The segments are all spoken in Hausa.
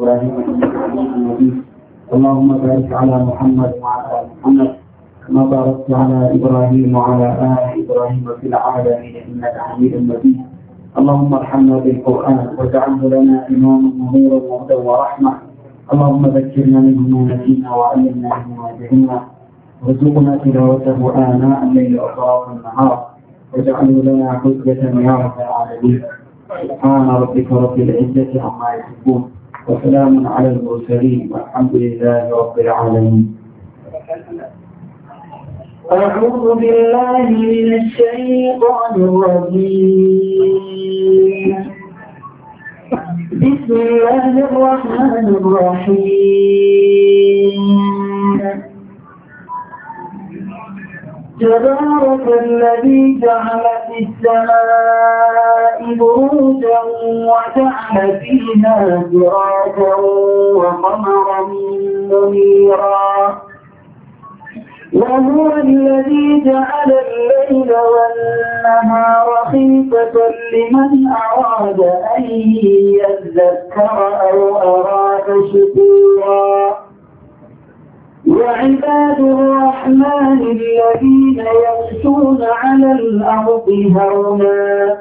إبراهيم إنك حميد مجيد اللهم بارك على محمد وعلى آل محمد كما باركت على إبراهيم وعلى آل إبراهيم في العالمين إنك حميد مجيد اللهم ارحمنا بالقرآن واجعله لنا إماما نورا وهدى ورحمة اللهم ذكرنا منه ما نسينا وعلمنا منه ما جهلنا وارزقنا تلاوته آناء الليل وأطراف النهار واجعله لنا حجة يا رب العالمين سبحان ربك رب العزة عما يصفون وسلام على المرسلين والحمد لله رب العالمين أعوذ بالله من الشيطان الرجيم بسم الله الرحمن الرحيم تبارك الذي جعل في السماء بروجا وجعل فيها سراجا وقمرا منيرا وهو الذي جعل الليل والنهار خيفة لمن أراد أن يذكر أو أراد شكورا وعباد الرحمن الذين يمشون على الأرض هونا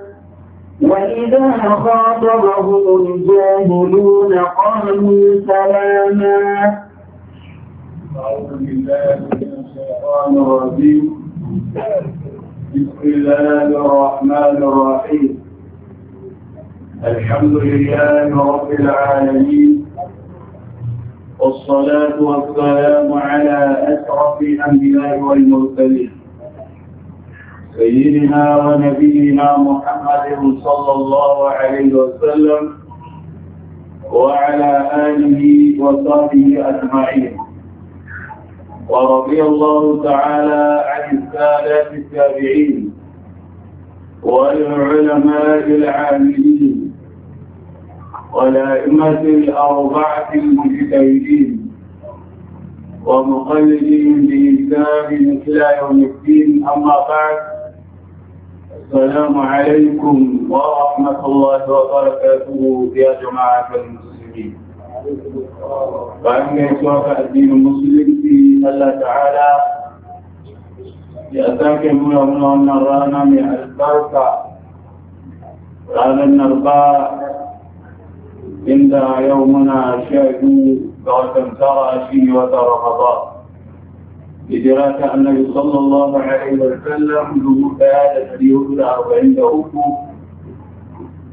وإذا خاطبهم الجاهلون قالوا سلاما أعوذ بالله من الشيطان الرجيم بسم الله الرحمن الرحيم الحمد لله رب العالمين والصلاة والسلام على أشرف الأنبياء والمرسلين سيدنا ونبينا محمد صلى الله عليه وسلم وعلى آله وصحبه أجمعين ورضي الله تعالى عن السادات التابعين والعلماء العاملين ولائمة الأربعة المجتهدين ومقلدين بإسلام مثل يوم الدين أما بعد السلام عليكم ورحمة الله وبركاته يا جماعة المسلمين فأني يتوفى الدين المسلم في الله تعالى يأتاك من الله من البركة رانا النرباء inda yau muna sha biyu ga watan tara shi wata ramadan hijira ta annabi sallallahu alaihi wa sallam dubu daya da dari hudu da arba'in da uku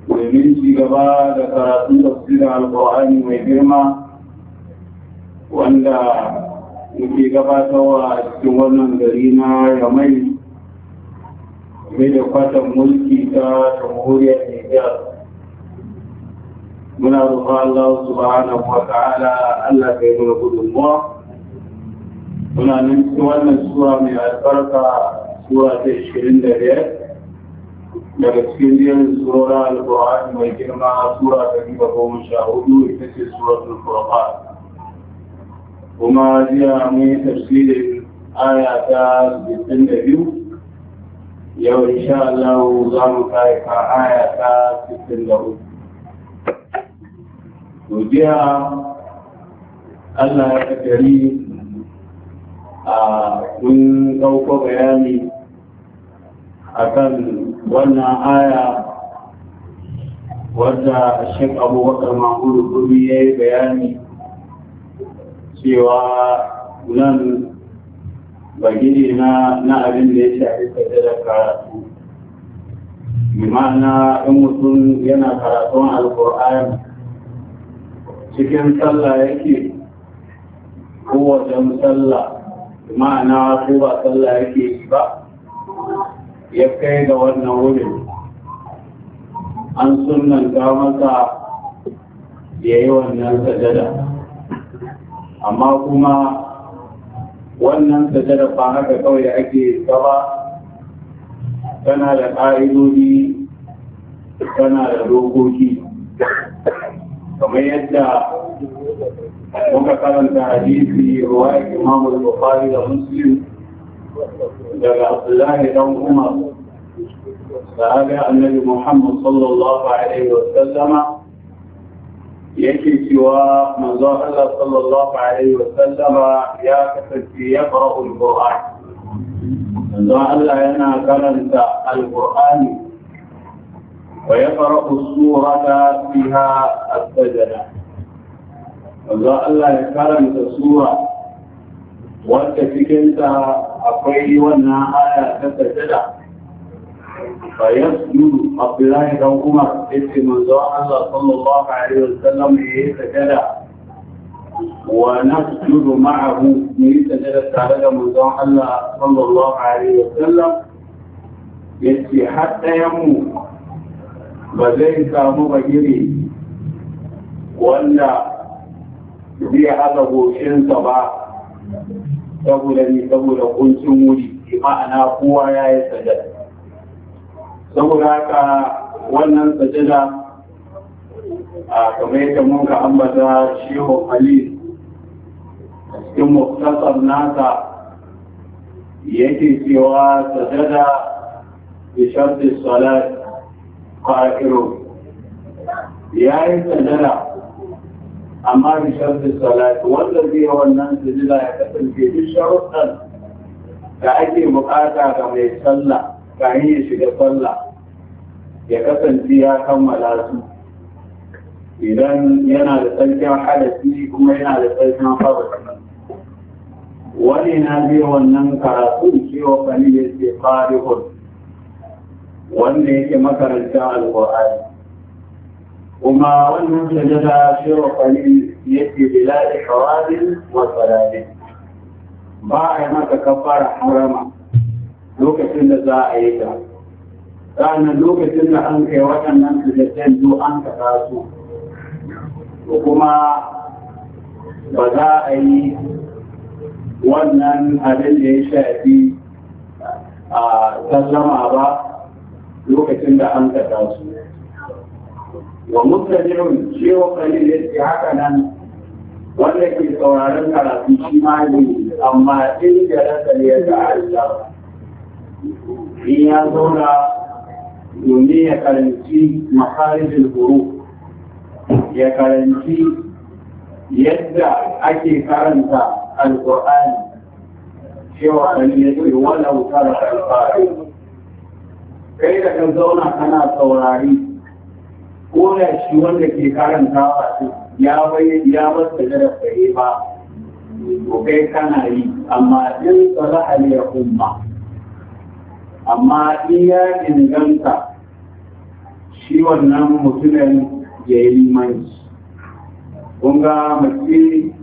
domin ci gaba da karatun tafsirin alkur'ani mai girma wanda muke gabatarwa a cikin wannan gari na yamai mai da mulki ta jamhuriyar من أرضها الله سبحانه وتعالى ألا كيف نقول الله هنا نسوان من سورة من البركة سورة الشرين لديه لكن دي سورة القرآن ويجمع سورة كريمة هو مشاهده إنسي سورة الفرقات وما هي من تفسير آيات بالسنة بيو يا إن شاء الله وزارك آيات بالسنة بيو godiya Allah ya kari a kun ɗauko bayani akan wannan aya wadda shek abubakar mahmuru kuri ya yi bayani cewa nan bagini na na abin da ya shafi da karatu bi ma'ana in mutum yana karatun alkur'ani cikin sallah yake kowace tsalla ma'ana ko ba sallah yake yi ba ya kai ga wannan wurin an sunanta masa ya yi wannan sajada amma kuma wannan sajada ba haka kawai ake gaba tana da ƙa'idodi tana da dokoki kamar yadda muka karanta hadisi ruwaya imam al-bukhari da muslim daga abdullahi dan umar sahabi annabi muhammad sallallahu alaihi wa sallama yake cewa manzo Allah sallallahu alaihi wa sallama ya kasance ya qara'u al-qur'an manzo Allah yana karanta al-qur'ani ويقرأ السورة فيها السجدة وذا الله يكرم السورة وتفكنت أقوي وانا آية تسجدة فيسجد عبد الله بن عمر اسم الله صلى الله عليه وسلم يسجد ونسجد معه يسجد تعالى من الله صلى الله عليه وسلم يسجد حتى يموت ba zai samu bagiri wanda zai haka goshinsa ba saboda ni saboda kuncin wuri ma'ana kowa ya yi sajada saboda haka wannan sajada a kamar yadda mun ka ambata shehu ali a cikin muktasar nasa yake cewa sajada bi sharti salat ƙa’iro ya yi sandara amma bi shafi salatu wanda zai yi wannan sandara ya kasance bi sharuɗan da ake buƙata ga mai sallah ga yin ya shiga sallah ya kasance ya kammala su idan yana da tsarkin hadasi kuma yana da tsarkin fara wani na biyan wannan karatu cewa kani ya fari hudu wanda yake makaranta qurani kuma wannan sajada shirin kwalil yake bila ikirarin wasalalin ba a yi maka kafara harama lokacin da za a yi ta ranar lokacin da an kai waɗannan sujadden zo an kaɗa su kuma ba za a yi wannan abin da ya shafi a sallama ba lokacin da an kada su wa mustajirun shi wa kalil yace haka nan wanda ke sauraron karatu shi ma ne amma in da rasa ya ga Allah in ya zauna domin ya karanci makarijin huru ya karanci yadda ake karanta alƙur'ani cewa kalil yace walau tara alfa'il kai da kan zauna kana saurari ko da shi wanda ke karantawa ya bai ya masa jarabaye ba to kai kana yi amma in tsara aliyar umma amma in ya inganta shi wannan mutumin ya yi limanci kun ga mace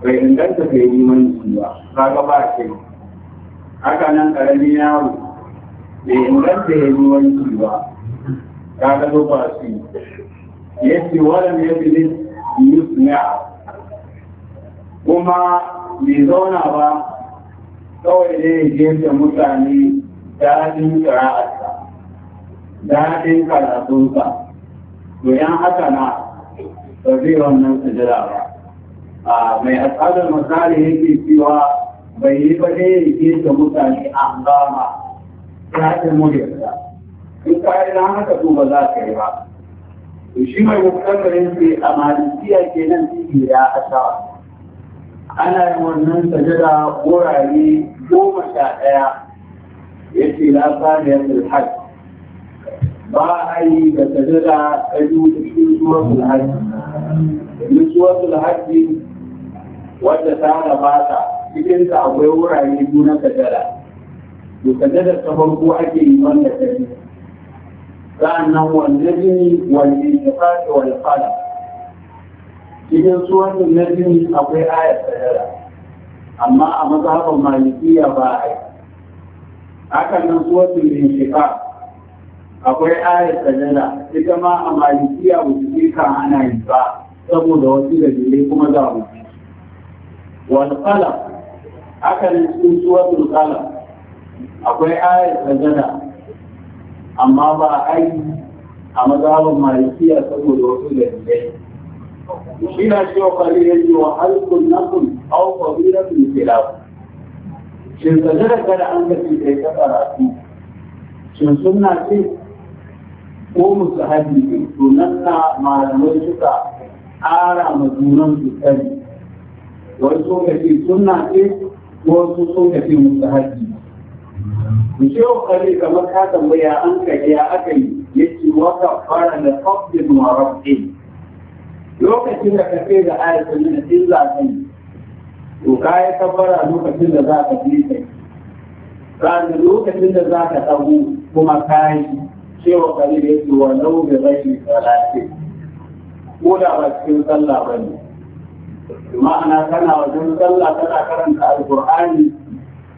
bai inganta ka yi limanci ba kaga ba shi haka nan ƙarami yaro bai inganta ya yi wanki ba ta ga zuba shi ya ce waɗanda ya fi yusna kuma bai zauna ba kawai ne ya gefe mutane daɗin ƙira'arsa daɗin karatunsa to yan haka na ba zai wannan sujira ba a mai asalar misali yake cewa bai yi ba ne ya gefe mutane an gama ta ta muryarsa in ka yi na haka to ba za ka yi ba to shi mai mukaddarin sai a malikiya kenan shi ya asawa ana yin wannan sajada wurare goma sha ɗaya ya ce lafa da yanzu hajj ba a yi da sajada ta biyu cikin suwatul hajji domin suwatul hajji wadda ta rabata cikinta akwai wurare biyu na sajada to sajadar ta farko ake yi wanda ta yi sa'annan wanda jini wanda ya fata wanda fada cikin suwanin na jini akwai ayar sajada amma a mazhaban malikiya ba a yi haka nan suwanin bincika akwai ayar sajada ita ma a malikiya ba su kan ana yi ba saboda wasu gajere kuma za mu wal qalam haka nan cikin suwatul qalam akwai ayar sajada amma ba a aiki a mazhabin malikiya saboda wasu dalilai Shi cewa kwari ya ji wa halittun nakun au fadilatun lafi shin sajada kada an ga kai ta karatu shin suna ce ko haji ne to nan na malamai suka ƙara ma junan su sani sokaci sun ce sunna ce wasu sun haji musahabi Bishiyar kare kamar ka tambaya an kaji ya aka yi ya ce wata fara da tsoffin marabin. Lokacin da ka ce da ayatun nuna in za ka yi, to ka yi kabbara lokacin da za ka fi kai. Sa'an lokacin da za ka tsago kuma ka yi, cewa kare da ya ce wa nau'in rashin salati. Ko da ba cikin sallah ba ne. Ma'ana kana wajen sallah tana karanta alkur'ani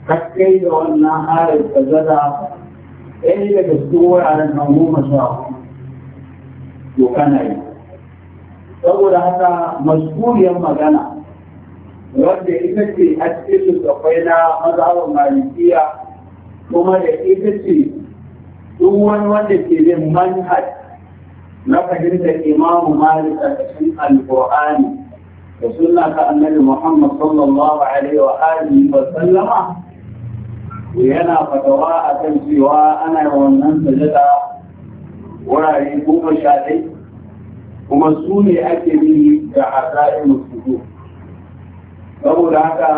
hakkai da wannan harin da gaza ɗaya daga cikin wuraren nan goma sha to kana yi saboda haka mashhuriyar magana wanda ita ce a cikin littattafai na mazhabar malikiya kuma da ita ce duk wani wanda ke bin manhaj na fahimtar imamu malik a cikin alƙur'ani da sunna ta annabi muhammad sallallahu alaihi wa alihi wa sallama yana fatawa a kan cewa ana yi wannan sajada wurare goma sha ɗai kuma su ne ake yi da hasa'in musulmi saboda haka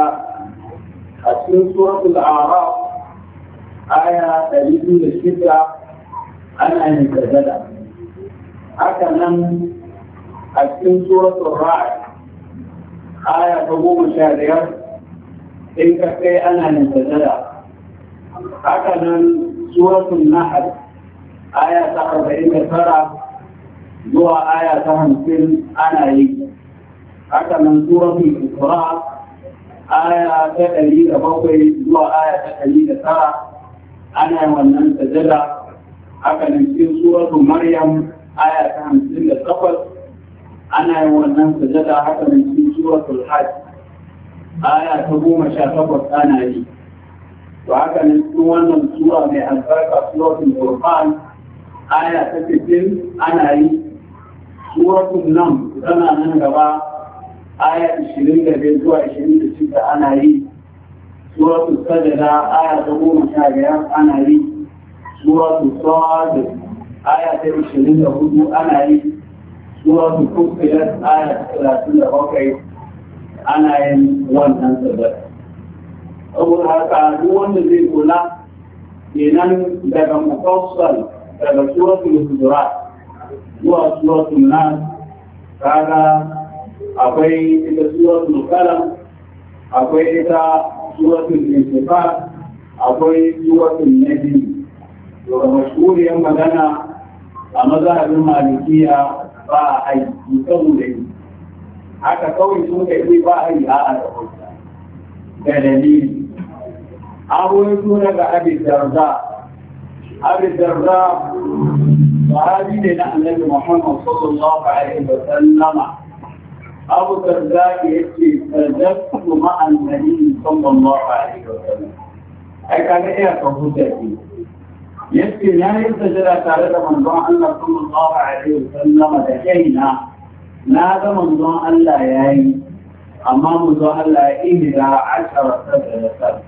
a cikin suratul araf aya ɗari biyu da shida ana yin sajada haka nan a cikin suratul ra'ad aya ta goma sha biyar in ka kai ana yin sajada haka nan suratun nahal aya ta arba'in da tara zuwa aya ta hamsin ana yi haka nan suratun isra aya ta ɗari da bakwai zuwa aya ta ɗari da tara ana yi wannan sajada haka nan cikin suratun maryam aya ta hamsin da takwas ana yi wannan sajada haka nan cikin suratul hajj aya ta goma sha takwas ana yi to haka ne cikin wannan sura mai albarka suratul qur'an aya ta cikin ana yi suratul nam tana nan gaba aya 25 zuwa 26 ana yi suratul sajada aya ta goma sha biyar ana yi suratul sad aya ta 24 ana yi suratul fussilat aya ta 37 ana yin wannan sabbata saboda haka duk wanda zai kula kenan daga mufassal daga suratul hujura zuwa suratul nas kaga akwai ita suratul qalam akwai ita suratul intifat akwai suratul najm to ga 'yan magana a mazhabin malikiya ba a yi saboda yi haka kawai sun kai ba a yi a'a da dalili يقول لك أبي الدرداء أبي الدرداء وهذه لنا محمد صلى الله عليه وسلم أبو الدرداء يأتي فلبثت مع النبي صلى الله عليه وسلم أي كان إيه تفوتاتي يأتي لا يرتجل تعالى من ضاع الله صلى الله عليه وسلم دكينا نادى من أن الله ياي إيه؟ أمام ضاع الله إهدى عشرة سنة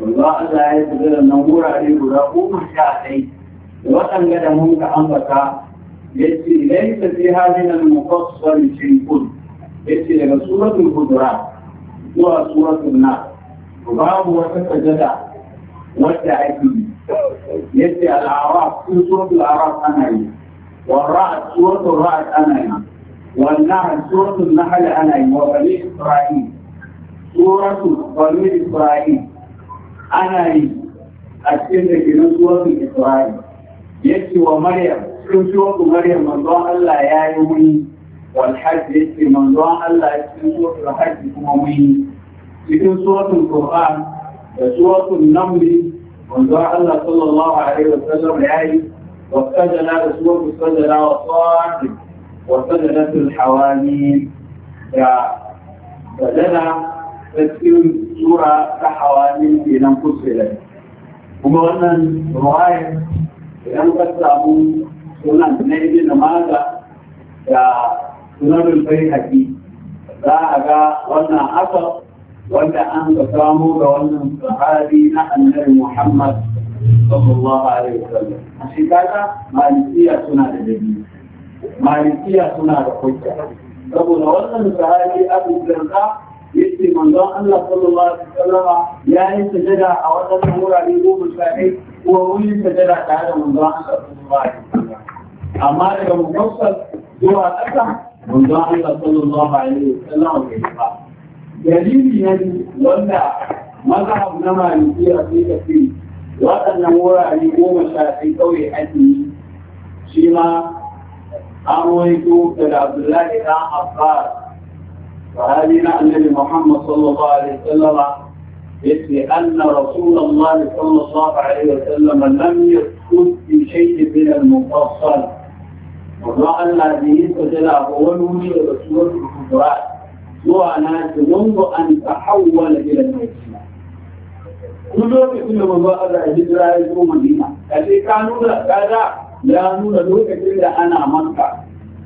Allah Allah ya shiga da nan wurare guda goma sha ɗai da waɗanda da mun ka ambata ya ce laisa fi halin al-mufassal shay'un ya ce daga suratul hujurat zuwa suratul nas babu wata sajada wadda ake yi ya ce al-araf sun suratul araf ana yi والرعد سورة الرعد أنا والنحل سورة النحل أنا وبني إسرائيل سورة بني إسرائيل ana yi a cikin da ke nan suwatsun Isra'il. Yake wa Maryam, cikin suwatsun Maryam manzon Allah ya yi muni wal hajji yake manzon Allah cikin suwatsun hajji kuma muni. Cikin suwatsun Qur'an da suwatsun Namli manzon Allah sallallahu alaihi wa sallam ya yi واستجل أسوة استجل وصاعد وسجلت الحواميل فسجل cikin sura ta hawani kenan kusurai kuma wannan ruwayar idan ka samu sunan na ibn maza da sunan bai haƙi za a ga wannan asa wanda an ka samu ga wannan sahabi na annabi muhammad sallallahu alaihi wasallam a shekara malikiya suna da dabi malikiya suna da hujja saboda wannan sahabi abu darda yace manzon Allah sallallahu alaihi wasallam ya yi sajada a wadannan wurare goma sha ɗaya kuma mun yi sajada tare da manzon Allah sallallahu alaihi wasallam amma daga mufassal zuwa ƙasa manzon Allah sallallahu alaihi wasallam bai ba dalili ne wanda mazhab na maliki a sai ka waɗannan wurare goma sha ɗaya kawai ake yi shi ma an wani daga Abdullahi ɗan Abbas فهذه النبي محمد صلى الله عليه وسلم في أن رسول الله صلى الله عليه وسلم لم يسكت في شيء من المفصل والله الذي يسجل هو نور رسول هو ناس منذ أن تحول إلى المدينة كل يقولون كل من بقى الهجرة يزور مدينة الذي كانوا كذا لا نقول لك إلا أنا مكة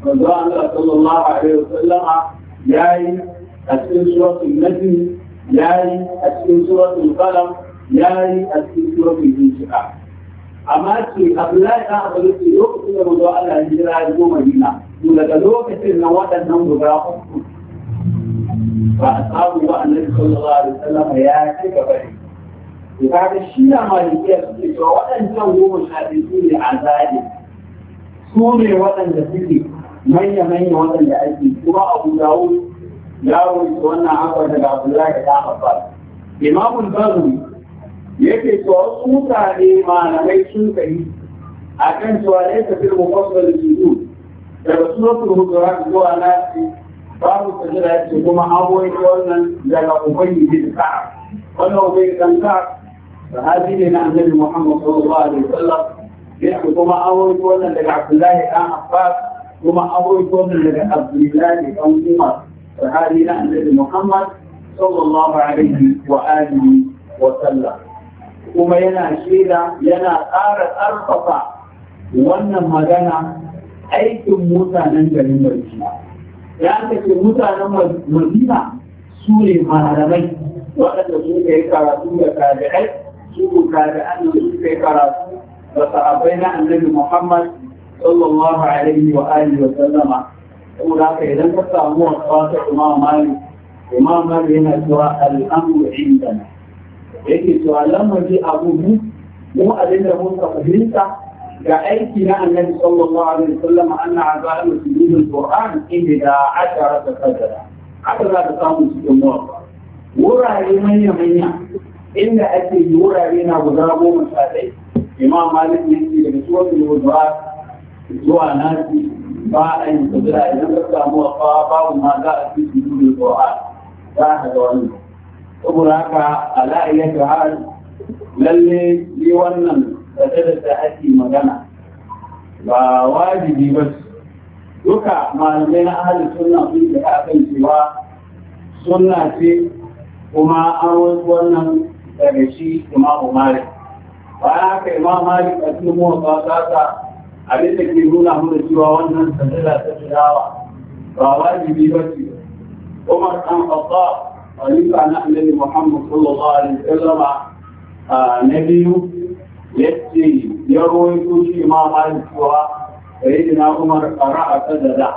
رضوان الله صلى الله عليه وسلم ya yi a cikin suratul najm ya yi a cikin suratul qalam ya yi a cikin suratul inshiqa amma ce Abdullahi da Abu Bakr lokacin da manzo Allah ya jira ya zo Madina to daga lokacin nan waɗannan guda uku ba a samu ba annabi sallallahu alaihi wasallam ya ci gaba ne to kaga shi na malikiya suke cewa waɗannan goma sha biyu ne azali su ne waɗanda suke manya-manya waɗanda ake kuma abu dawo ya wuce wannan akwai daga abdullahi da ta haɓar imamun bazu yake cewa wasu mutane malamai sun kai a kan cewa ne ta fi mufassar jidu daga suratul hujurat zuwa nasi babu sajira yake kuma abuwai wannan daga ubangiji da ka wannan ubangiji kan ka sahabi ne na annabi muhammad sallallahu alaihi wasallam yake kuma abuwai wannan daga abdullahi dan abbas ثم أبوكم من عبد الله أو عمر فهذه نحن محمد صلى الله عليه وآله وسلم ثم ينا شيدا ينا قارة أرقصة وانا مدانا أيكم موسى ننجا من الإسلام يعني في موسى نمو المدينة سوري ما نرمي وقد سوك يكاراتو يكاجعي سوك يكاراتو يكاراتو وصحابينا النبي محمد sallallahu alaihi wa alihi wa sallama saboda haka idan ka samu wasuwa ta imam mali. imam mali yana cewa al'amru indana yake cewa lamarin abu mu mu abin da mun ka fahimta ga aiki na annabi sallallahu alaihi wa sallama anna azalu sujudul qur'an inda da ashara ta sajada haka za ka samu cikin mawaƙa wurare manya-manya inda ake yi wurare na guda goma sha ɗaya imam malik ne daga suwar da zuwa na nasi ba a yin sabira idan ka samu a fa babu ma za a fi su ƙo'a za ka ga wani. saboda haka ala iya shahar lalle ni wannan da da ake magana ba wajibi ba duka malamai na ahalin sunna sun ke akan cewa sunna ce kuma an wasu wannan daga shi imamu malik bayan haka imamu malik a cikin mawaka abin da ke nuna mana cewa wannan sandala ta tilawa ba wajibi ba ce Umar dan Khattab khalifa na Annabi Muhammad sallallahu alaihi wasallam na biyu yace ya rawaito shi ma bayan cewa sayyidina Umar qara'a sadada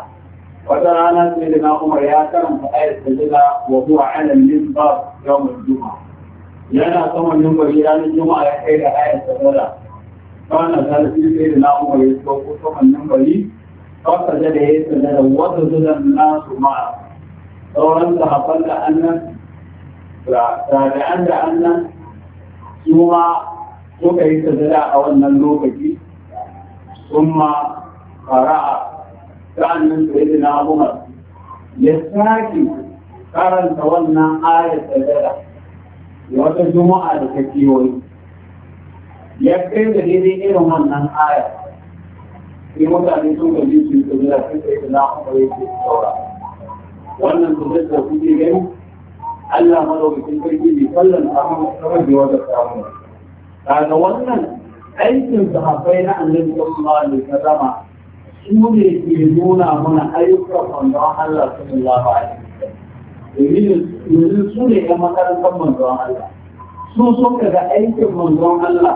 wata rana sayyidina Umar ya karanta ayat sadada wa huwa 'ala al-minbar yawm al-jum'ah yana saman minbar ranar juma'a ya kai da ayat sadada كان ذلك سيدنا عمر يتوقف من منبري فسجد يسجد وسجد الناس معه sauran sahabban da annan tabi'an da annan su ma suka yi sajada a wannan lokaci sun ma fara'a sa'annan su yi na umar ya sake karanta wannan ayar sajada wata juma'a da ta kewaye ya kai da daidai irin wannan aya sai mutane sun gaji su yi kabila sun kai da na'amari su saura wannan kudin da kuke gani Allah madaukakin sarki bai sallan samun kamar da wata samu kaga wannan aikin sahabbai na annabi sallallahu alaihi wasallam su ne ke nuna mana ayyukan manzon Allah sallallahu alaihi wasallam domin su ne ɗan makarantar manzon Allah su suka ga aikin manzon Allah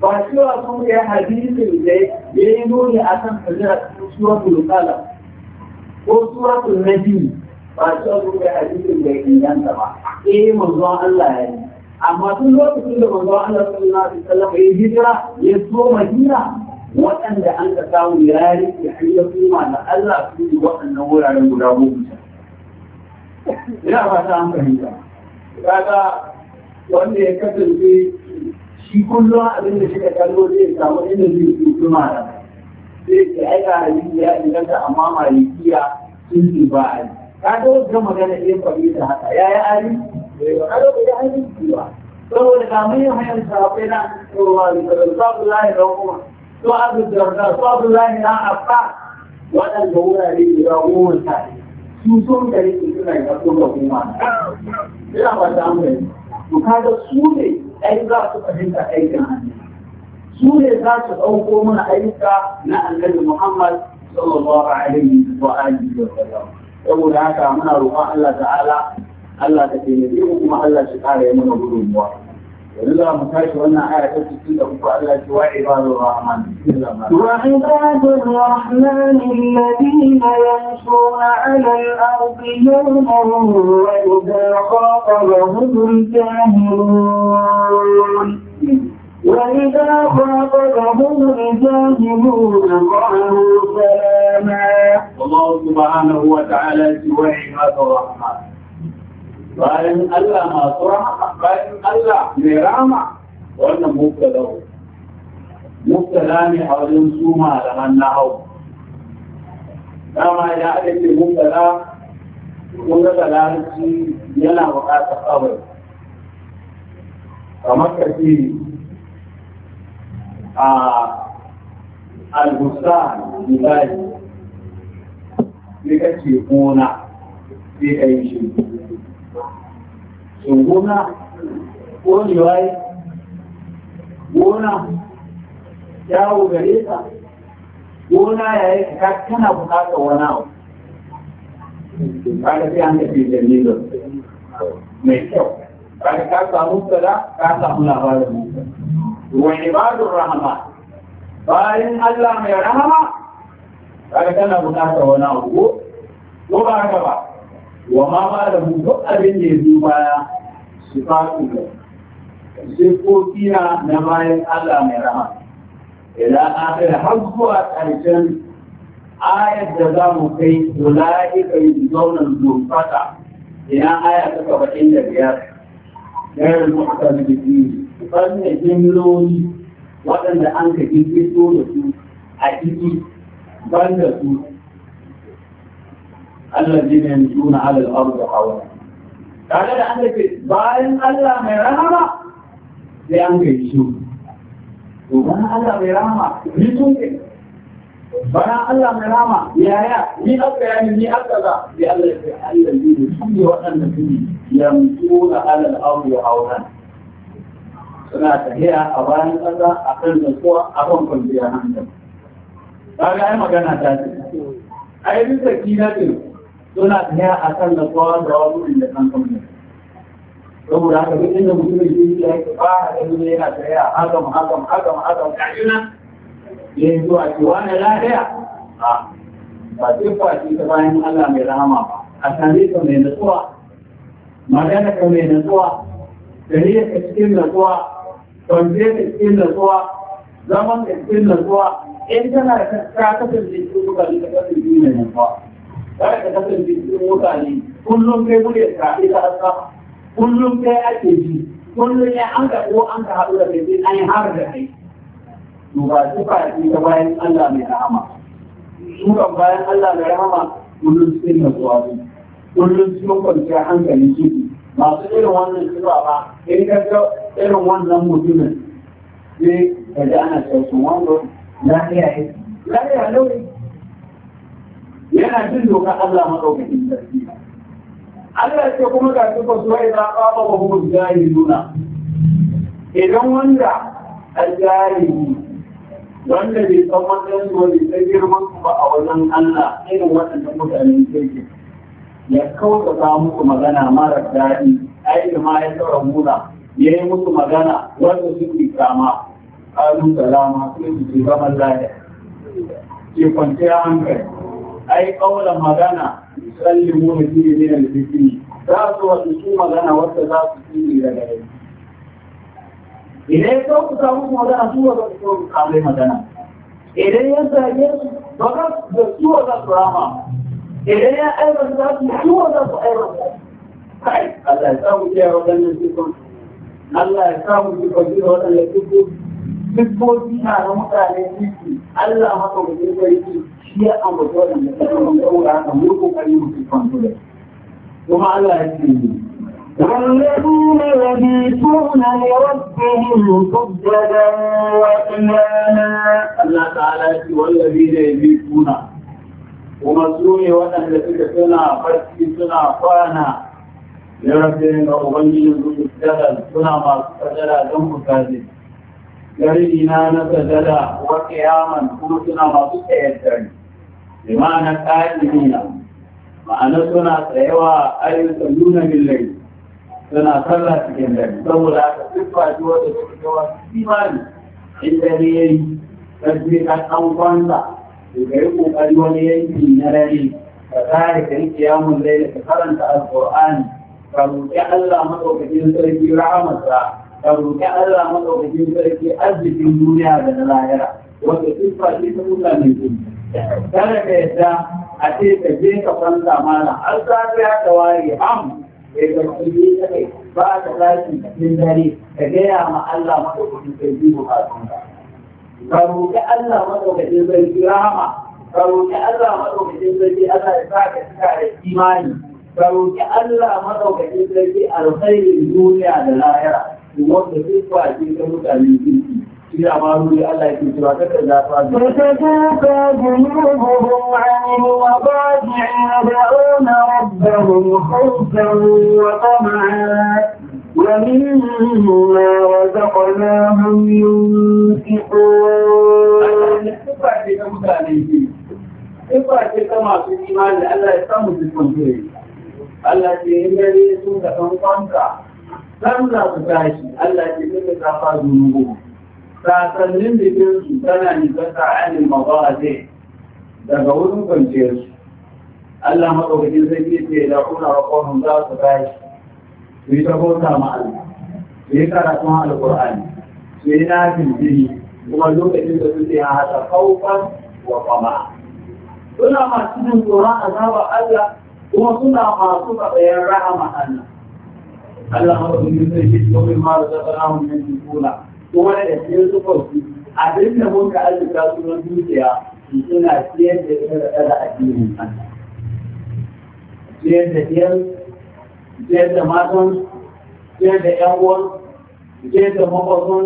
ba cewa sun kai hadisin da ya yi nuni a kan hajjira cikin suratul kala ko suratul nabi ba cewa sun kai hadisin da ya inganta ba eh manzon Allah ya yi amma tun lokacin da manzon Allah sallallahu alaihi wasallam ya hijira ya so Madina waɗanda an ka samu ya rike hanyar kuma na Allah su ne waɗannan wuraren guda goma ina fata an fahimta kaga wanda ya kasance shi kullum abin da shi da kallo zai samu inda zai fi kuma da zai ce ai ga hadisi ya inganta amma malikiya sun ce ba a yi ka ga wata magana iya faɗi da haka ya yi ali ka ga bai yi hadisi ba saboda ga mun yi hanyar safai na ruwa da sabu lahi da kuma su abu da sabu na abba waɗanda wurare guda goma sha su sun gari su suna yi kasu da kuma ina ba ta amfani to kaga su ne ai za su fahimta aikin annabi su ne za su ɗauko mana ayyuka na annabi Muhammad sallallahu alaihi wa alihi wa sallam saboda haka muna roƙon Allah ta'ala Allah ta taimake mu kuma Allah ta ƙara ya mana gudunmuwa وعباد الرحمن الذين يمشون على الأرض يوما وإذا خاطبهم الجاهلون وإذا خاطبهم الجاهلون قالوا سلاما والله سبحانه وتعالى سوى عباد الرحمن bayan Allah masu rahama bayan Allah mai rama, wannan mubtada mubtada ne a wajen su malaman nahau dama ya ake ce mubtada kun ga larabci yana buƙatar kawai kamar ka ce a al-husan misali sai ka ce gona sai ka yi shi gona ƙonewa yi gona yawo gare ta gona ya yi ka kana bukatar wani abu ba da sai an tafi da nilo mai kyau ba da ka samu sada ka samu labarin musa wa ibadun rahama bayan Allah mai rahama ba da kana bukatar wani abu ko ba ka ba wa ma ba da mu duk abin da ya zo baya su faɗi da siffofina na bayan Allah mai rahama idan akhir har zuwa ƙarshen ayar da za mu kai ula'ika yuzaunan zurfata Ina aya ta bakin da biyar gairar mu'tar jiki fannin jimloli waɗanda an ka jirgin da su a ciki ban da su الذين يمشون على الأرض حولا kaga da an ce bayan Allah mai rahama sai an kai shi to bayan Allah mai rahama ni tun ke bayan Allah mai rahama yaya ni aka yani ni aka za sai Allah ya Allah ne da su ne waɗanda suke yamtuna alal ardi hawlan suna tafiya a bayan ƙasa a kan nutsuwa a kan kwanciyar hankali kaga ai magana ta ce ai bisa kina ce suna tsaya a kan da kowa da wani da kan kamar saboda haka duk inda mutum yake ya yi ba a kan yana a hakan hakan hakan hakan kashina ya yi zuwa ce wani lafiya a ba siffa ce ta bayan Allah mai rahama ba a sami ka mai natsuwa magana ka mai natsuwa gari ka cikin natsuwa kwanje ka cikin natsuwa zaman ka cikin natsuwa in tana ka kasance cikin kuka ne ka kasance mai natsuwa kada ka kasance cikin mutane kullum kai muryar ka ita asaba kullum kai ake ji kullum ya an ka ko an ka haɗu da kai an yi har da kai to ba su faɗi ta bayan Allah mai rahama su kan bayan Allah mai rahama kullum sai na zuwa su kullum sun kwanciyar hankali su masu irin wannan sifa ba in ka ga irin wannan mutumin sai ka ji ana sauƙin wanda lafiya ya lafiya lauyi yana jin doka Allah maɗaukakin sarki Allah ce kuma ga su su wai za a ba kuma jari nuna idan wanda aljari wanda bai san wajen zuwa bai ta girman ba a wajen Allah irin waɗannan mutane kirki ya ta musu magana mara daɗi aiki ma ya saura muna ya yi musu magana wanda ke kama ƙalun salama ne su ce zaman lafiya ke kwanciya hankali ai kaulan magana sallimu ne ne da zikiri za su wasu su magana wasu za su tsiri daga yau idan ya ku samu magana su wa za su so kamar magana idan ya zage su ba za su da su wa za su rama idan ya aibar za su su wa za su aibar kai Allah ya samu kiyaye waɗannan sifon Allah ya samu sifon da waɗannan sifon dukkoki na da mutane ciki Allah haka mu yi sarki shi ya ambata wannan da kuma mun daura haka mu kokari mu ci kwanto da kuma Allah ya ce والذين يبيتون لربهم سجدا وقياما الله تعالى والذين يبيتون ومسلوم وأن لك سنة فرسي سنة فانا لربهم وأبين سجدا سنة ما سجدا ذنب كاذب garina na sajada wa kiyaman kuma suna masu tsayar dare bi ma'ana na. ma'ana suna tsayawa ayyukan nuna millai suna sallah cikin dare saboda haka siffa shi wata suka kawo imani in dare ya yi ƙarfi ka ɗan kwanta da ka yi ƙoƙari wani yanki na dare ka kare ka yi kiyamun laila ka karanta Alkur'ani. ka roƙi Allah maɗaukakin sarki rahamarsa ka roƙi Allah maɗaukakin sarki arzikin duniya da na lahira wanda sifa ce ta nuna mai kuma kada ka yadda a ce ka je ka fanta mana an zafi ya ka ware am da ka kuɗi ta kai ba ka tashi cikin dare ka gaya ma Allah maɗaukakin sarki bukatunka ka roƙi Allah maɗaukakin sarki rahama ka roƙi Allah maɗaukakin sarki Allah ya sa ka cika da imani ka roƙi Allah maɗaukakin sarki alkhairin duniya da lahira wanda zai fa a cikin mutane kirki shi a maru da Allah ke cewa ta ta zuwa. Ta tabuka junubuhum anil wada'i yad'una rabbahum khawfan wa tama'an ومما رزقناهم ينفقون. Iface ta masu imani Allah ya samu Allah ɗan kwanka san za su tashi Allah ya nuna kafa zunubu sasannin jikin su tana ni nisanta ainihin mabaze daga wurin kwanciyar su Allah maɗaukakin zai yi ce da kuna rakonun za su tashi su yi tabota ma Allah su yi karatun alƙur'ani su yi nafin jini kuma lokacin da suke hata kaufan wa kwama suna masu jin tsoron azabar Allah kuma suna masu matsayin rahama Allah Allah maɗaukakin zai shi kuma ma da tsara mun nan kula kuma da cikin su kawai abin da mun ka azuka su na dukiya suna ciyar da ita da addinin Allah siyar da ciyar siyar da matan siyar da ƴan uwan siyar da makwabtan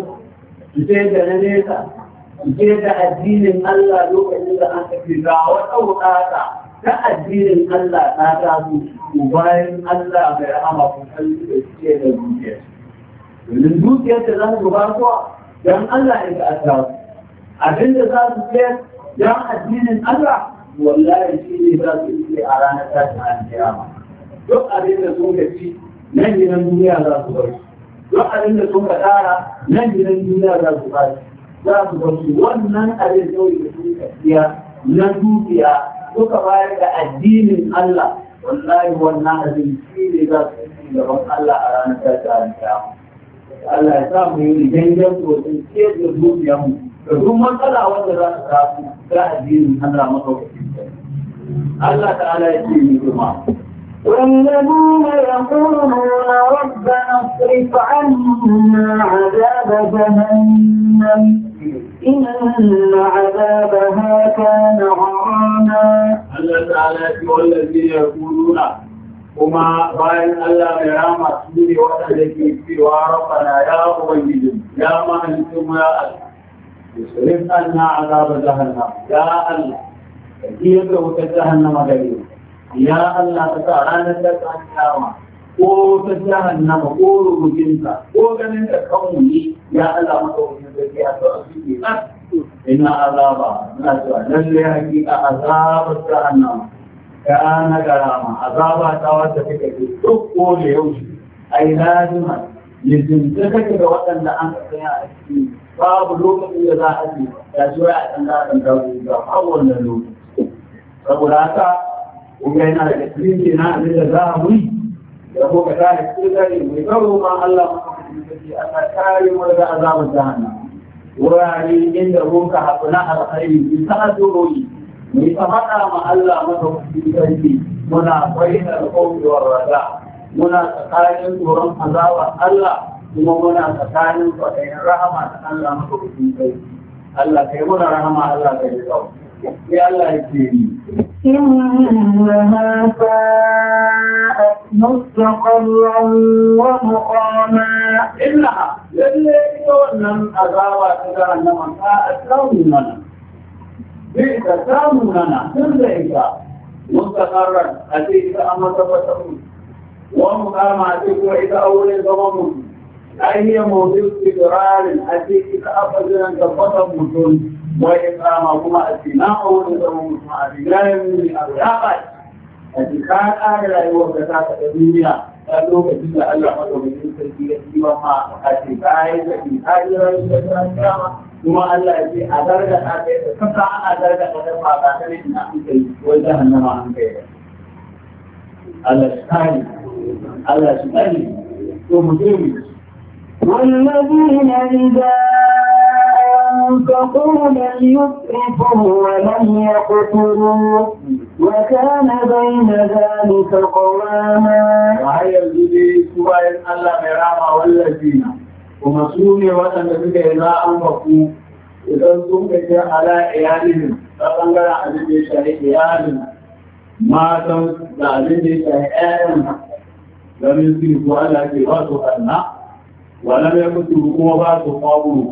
siyar da na nesa siyar da addinin Allah lokacin da an tafi ga wata wuƙata ta addinin Allah na tasu. bayan Allah mai rahama kun kalli da suke da zuciya. Domin zuciyar da za su gabatuwa don Allah ya ga Allah. Abin da za su ce don addinin Allah wallahi shi ne za su ce a ranar tashin alkiyama. Duk abin da sun ka ci nan gidan duniya za su bar Duk abin da sun ka tsara nan gidan duniya za su bar Za su bar wannan abin kawai da sun ka na dukiya suka bayar da addinin Allah wallahi wannan abin shi ne za su yi gaban Allah a ranar ta kiyama Allah ya sa mu yi rigangen sosai ke da zuciya mu da duk matsala wanda za su tafi ga addinin Allah madaukakin Allah ta'ala ya ce ni kuma والذين يقولون ربنا اصرف عنا عذاب جهنم إن عذابها كان غراما الله تعالى الذين يقولون وما باين الله مرام أسلم وحدك في وربنا يا أبيد يا مهلكم يا الله يسلم أن عذاب جهنم يا الله كيف وتجهنم غيره يا الله تتعانى تتعانى ko ta jihar nama ko rubutinka ko ganin da kanwuni ya Allah maka wani zai ya to asiri na ina azaba na to lalle hakika azabar azaba jahannama ka na garama azaba ta wata take duk ko da yaushe ai lazima yanzu ta kake ga waɗanda an ka tsaya a ciki babu lokacin da za a ce ya shi wai a ɗan da ɗan dawo ga kowane lokaci saboda haka kuma yana da cikin na abin da za a yi يقول كذلك كل ذلك ويقول ما الله أن كارم ولد عذاب جهنم wurare inda muka haɗu na alkhairi ki sana duroyi mai faɗa ma Allah madaukakin sarki muna bayyana alƙawar raza muna tsakanin tsoron azabar Allah kuma muna tsakanin kwaɗayin rahama da Allah madaukakin sarki Allah kai muna rahama Allah kai kawo يا الله يكرمك إنها ساءت مستقرا ومقاما إنها للي تولم أذاوى تجهنم ساءت لوننا بئس ساموننا تلك مستقرا أتيك أما تفتحون ومقاما أتيك وإذا أولي ضمم أي موضوع استقرار أتيك أفضل أن تفتح مدن وإقامة كما السماء ونظام كما الرجال من الرقل الإنسان قال لا يوجد ذات الدنيا قالوا كتب الله مدومين سيدي وما أتباعي فإنسان لا يوجد ذات كما الله يجي أدرك أدرك كفا أدرك أدرك أدرك إن أمكي وجهنم أمكي الله سبحانه الله سبحانه ومجيب والذين إذا أنفقوا من يسرفوا ولم يقتلوا وكان بين ذلك قواما وهي الذي سوى إن ألا مراما والذين ومسلومي وأن ذلك إلا أنفقوا إذا أنتم على إيانهم فقنقر عزيز شريك إيانهم ما تم لعزيز شريك إيانهم لم يسرفوا ألا كيواتوا أنا ولم يكن تبقوا باتوا قابلوا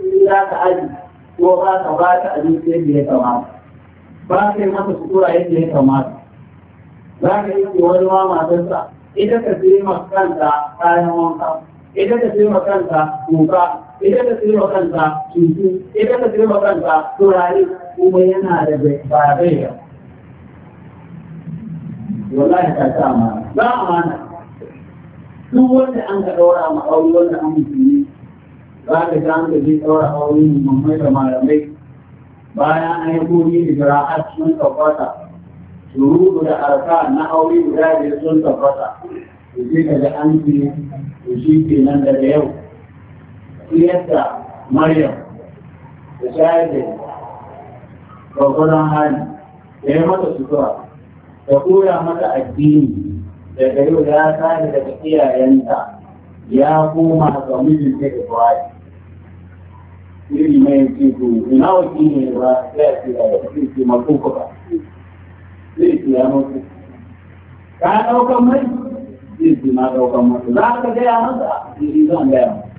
in za ka aji ko za ka ba ta abinci yadda ya kamata ba ka yi masa sutura yadda ya kamata za ka yi wani ma matarsa ita ka sai ma kanta kayan wanka ita ka sai ma kanta kuka ita ka sai ma kanta cutu ita ka sai ma kanta turare kuma yana da barbaya wallahi ta ta amana za a mana duk wanda an ka ɗaura ma aure wanda an musulmi za ka ta hanka zai ɗaura aure mummai da malamai bayan an yi komi da jira'at sun tabbata shuruɗu da arka na aure guda biyar sun tabbata da sai ka ga an ce da shi ke nan daga yau siyarta maryam da shayar da gwagwaron hali da ya mata sutura da koya mata addini daga yau ya kare daga iyayenta ya koma ga mijinta da kwaye ilmaikiku inaotihi wa yasira yasiki makukuka sisi ya mutu ka ɗaukan mai sisi na ɗaukan mutu za ka gaya masa sisi zan ele masa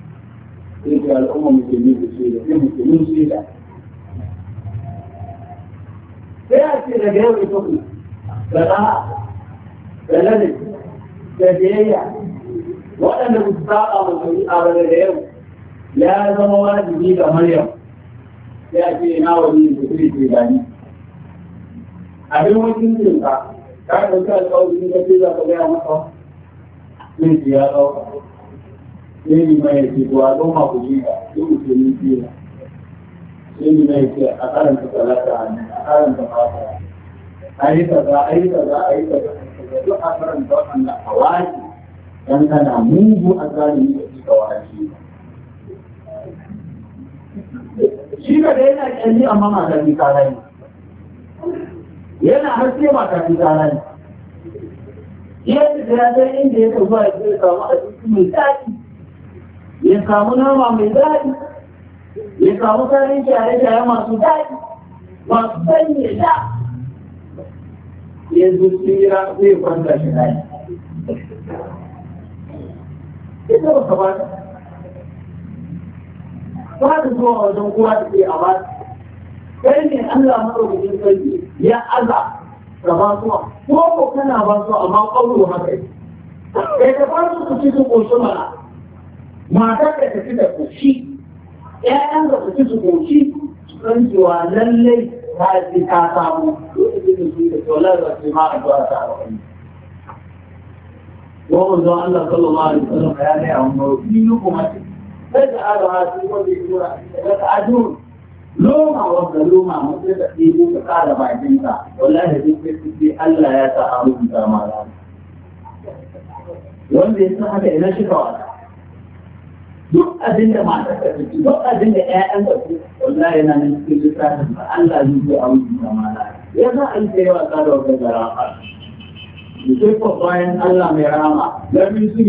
sisi al'umma musulmi su shida sai musulmi shida sai a ce daga yau ele ku da ɗa da lalai da biyayya waɗanda ku saba musulmi a ya zama wajibi ga Maryam ya ce na wani da kuma ke gani abin jin ka ka ɗauka alƙawarin ka ce za ka gaya masa zai ce ya ɗauka sai ni mai ce ko a ɗauka ku ji ka sai ku ce ni ce sai ni mai ce a karanta talata a karanta fata a yi kaza a yi kaza a yi kaza duk a karanta waɗanda a waje dan kana mugu a zalimi da shi ka waje shi ka da yana ƙyalli amma mata fi tsara yana haske mata fi tsara ne yadda da ya san inda ya tafi a ya samu abinci mai daɗi ya samu nama mai daɗi ya samu kayan shaye-shaye masu daɗi masu sanya da ya tsira zai kwanta shi daɗi. Ita ba ka ba ba ta zuwa wajen kowa da ke a ba kai ne Allah madaukakin sarki ya aza da basuwa? suwa ko ko kana ba amma kauro haka kai da ba su ci su ƙoshi mana matar da ta ci da ƙoshi, ƴaƴan da su ci su ƙoshi. su san cewa lallai ta ci ta samu lokacin da su da tsolar da su ma a zuwa ta a wani وقال الله صلى الله عليه وسلم يا لي عمر في نقمتك تجعلها في كل يسعدون لوما رب لوما مسجد في بوك قال بعدين والله ذكر في الله يا تعالون كما wanda ya san haka ina shi kawai duk abin da matar ka fi duk abin da ƴaƴan ka fi wallahi yana nan cikin littafin ba Allah zai zo a wuce da mala ya za a yi ta yawa tsara wata garafa mutum ko bayan Allah mai rama lamin su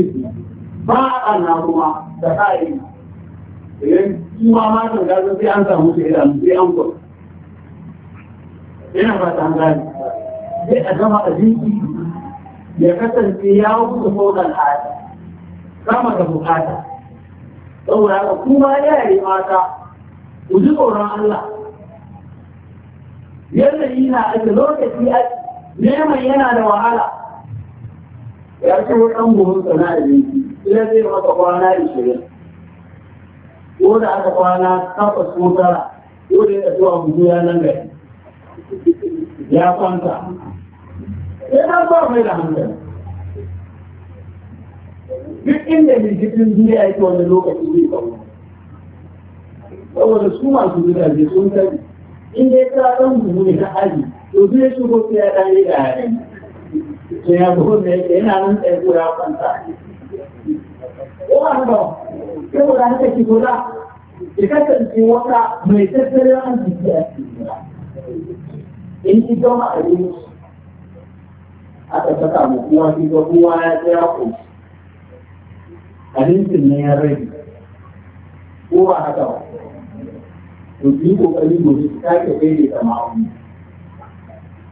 ba a na kuma da ka'ina idan kuma ma kan gaza sai an samu su idanu sai an kwa yana ba ta gane sai a gama a jinki ya kasance ya wuce sauran hali sama da bukata saboda haka kuma yayi mata ku ji tsoron Allah yanayi na ake lokaci a neman yana da wahala ya ce wa ɗan buhun sana'a jinki ila zai masa kwana ishirin ko da aka kwana takwas ko tara ko da ya zuwa gudu ya nan gari ya kwanta sai na ba mai da hankali duk inda jirgin duniya yake wani lokaci zai kawo saboda su masu gidaje sun tabi inda ya kira ɗan gudu ne aji to zai shigo sai ya ɗan yi da sai ya gudu da yake yana ya kwanta ko ba haka ba saboda haka ki kula ki kasance wata mai tattalin arziki a cikin in ki gama abinci aka saka mu kuwa ki ga kowa ya tsaya ku abincin ne ya rage ko ba haka ba to ki yi kokari gobe ki sake daidaita ma'auni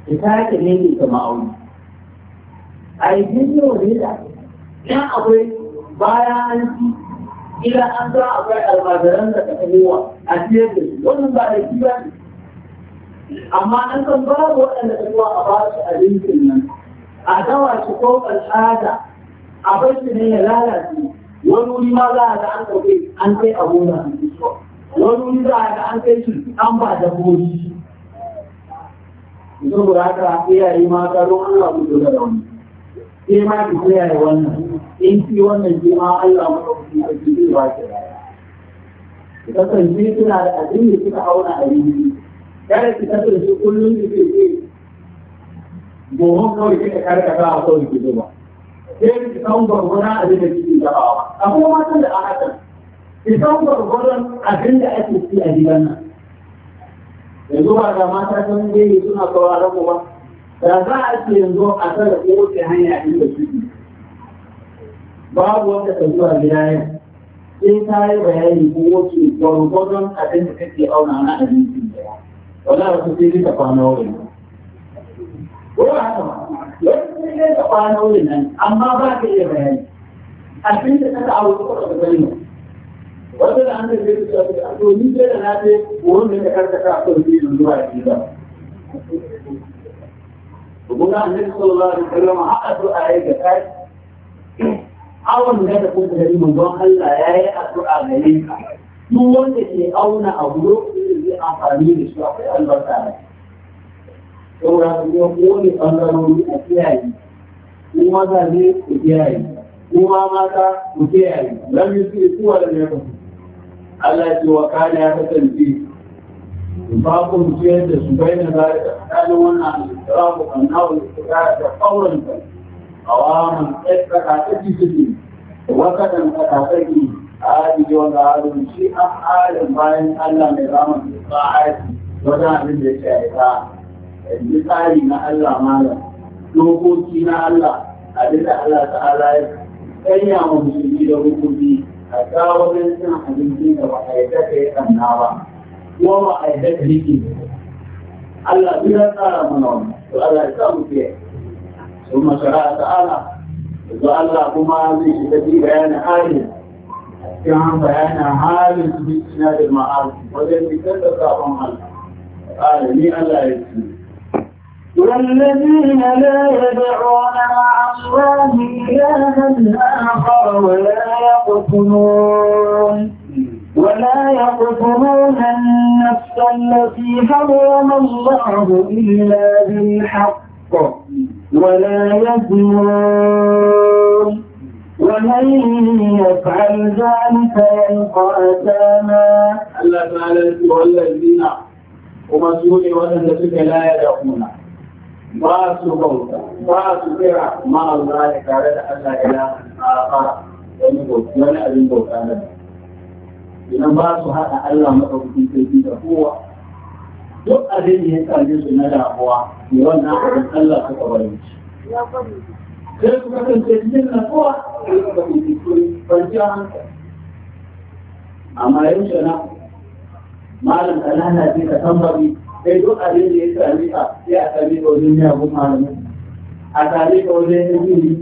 ki sake daidaita ma'auni a yi jin yau da ya akwai baya an ci idan an za a kai almajiran da ka tafiwa a ciye da su wannan ba da shi ba amma an san babu waɗanda ka a ba su abincin nan a dawa shi ko al'ada a bai shi ne ya lalace wani wuri ma za a ga an ɗauke an kai a gona wani wuri za a ga an kai shi an ba dabbobi. Yanzu ba haka iyaye mata don Allah mu da wani. Sai ma ki tsaya wannan in ki wannan ki ma Allah maɗaukaki a cikin ba ki raya ki kasance suna da abin da suka auna a yi kada ki kasance kullum ki ce ce eh, gohon kawai kika karkata a kawai ki zuba sai ki san gwargwaron abin da kike a akwai matan da a hakan ki san gwargwaron abin da ake ci a gidan nan yanzu ba ga mata sun gani suna sauraron mu ba da za a ce yanzu a tsara kowace hanya inda suke babu wanda ta zuwa gida yau sai ta yi bayani ko wace gwargwadon abin da kake auna na abincin da wala wasu sai ta kwana wurin ko ba haka ba lokacin sai ta kwana wurin nan amma ba ka iya bayani abin da ta aure ko ta bayani wanda da an da zai ta to ni sai da na ce wurin da ka karkata a kan zuwa gida وقلنا النبي صلى الله عليه وسلم ta kuma don Allah ya yi gare ka wanda ke auna abu da amfani da shi akwai albarka ne saboda ku ne ko bangarori maza ce wa ya kasance باكم كيد بين ذلك كان وانا الاضطراب والنار والاستقاء فورا قواما اتقى تجسدي وكذا اتقى آدي وغارون شيء أفعال باين الله نظام الطاعات وذا من الشيطان المثالي ما الله مالا دوكوكي ما الله أدل الله تعالى أيام مسلمين دوكوكي أتاوبين سنحن دين وحيدك النار kuma ma'aikata yake Allah duk ya tsara mana wannan to Allah ya sa mu fiye ثم ta'ala. تعالى Allah kuma zai shiga fi bayanin halin cikin bayanin halin su bi suna da ma'aru wajen fitar da sabon Allah ƙalami Allah ya ce والذين لا يدعون مع الله إلها آخر ولا يقتلون ولا يقتلون النفس التي حرم الله إلا بالحق ولا يزنون ومن يفعل ذلك يلقى أثاما ألا تعالى والذين ومسؤول وأن ذلك لا يدعون ba su bauta ba su kira ma Allah ya tare da Allah ya ƙara idan ba su haɗa Allah maɗaukakin kai da kowa duk abin da ya same su na damuwa ne wannan abin Allah ta kabarin shi sai su kasance cikin nasuwa da ban kwanciyar hankali amma yaushe na malam kanana ce ka tambari sai duk abin da ya same ka sai a same ka wajen miyagun malamin a same ka wajen yin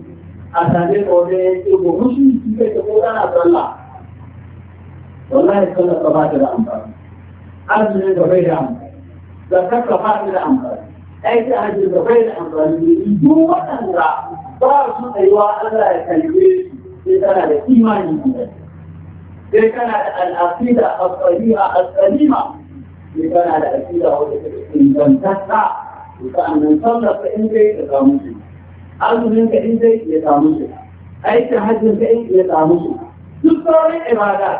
a same ka wajen ce ko mushi kai ta ko kana sallah والله صلى الله عليه وسلم أجل الغير أمر ذكرت فاعل أمر أي أجل الغير أمر يجوا أن لا بارس أيوا أن لا يكلمي إذا لا إيمان إذا كان العقيدة الصحيحة السليمة إذا كان العقيدة إن لم تسع فأن نصلى فإن جاي تقامش أجل إن جاي يتقامش أي تهجم فإن يتقامش دكتور عبادات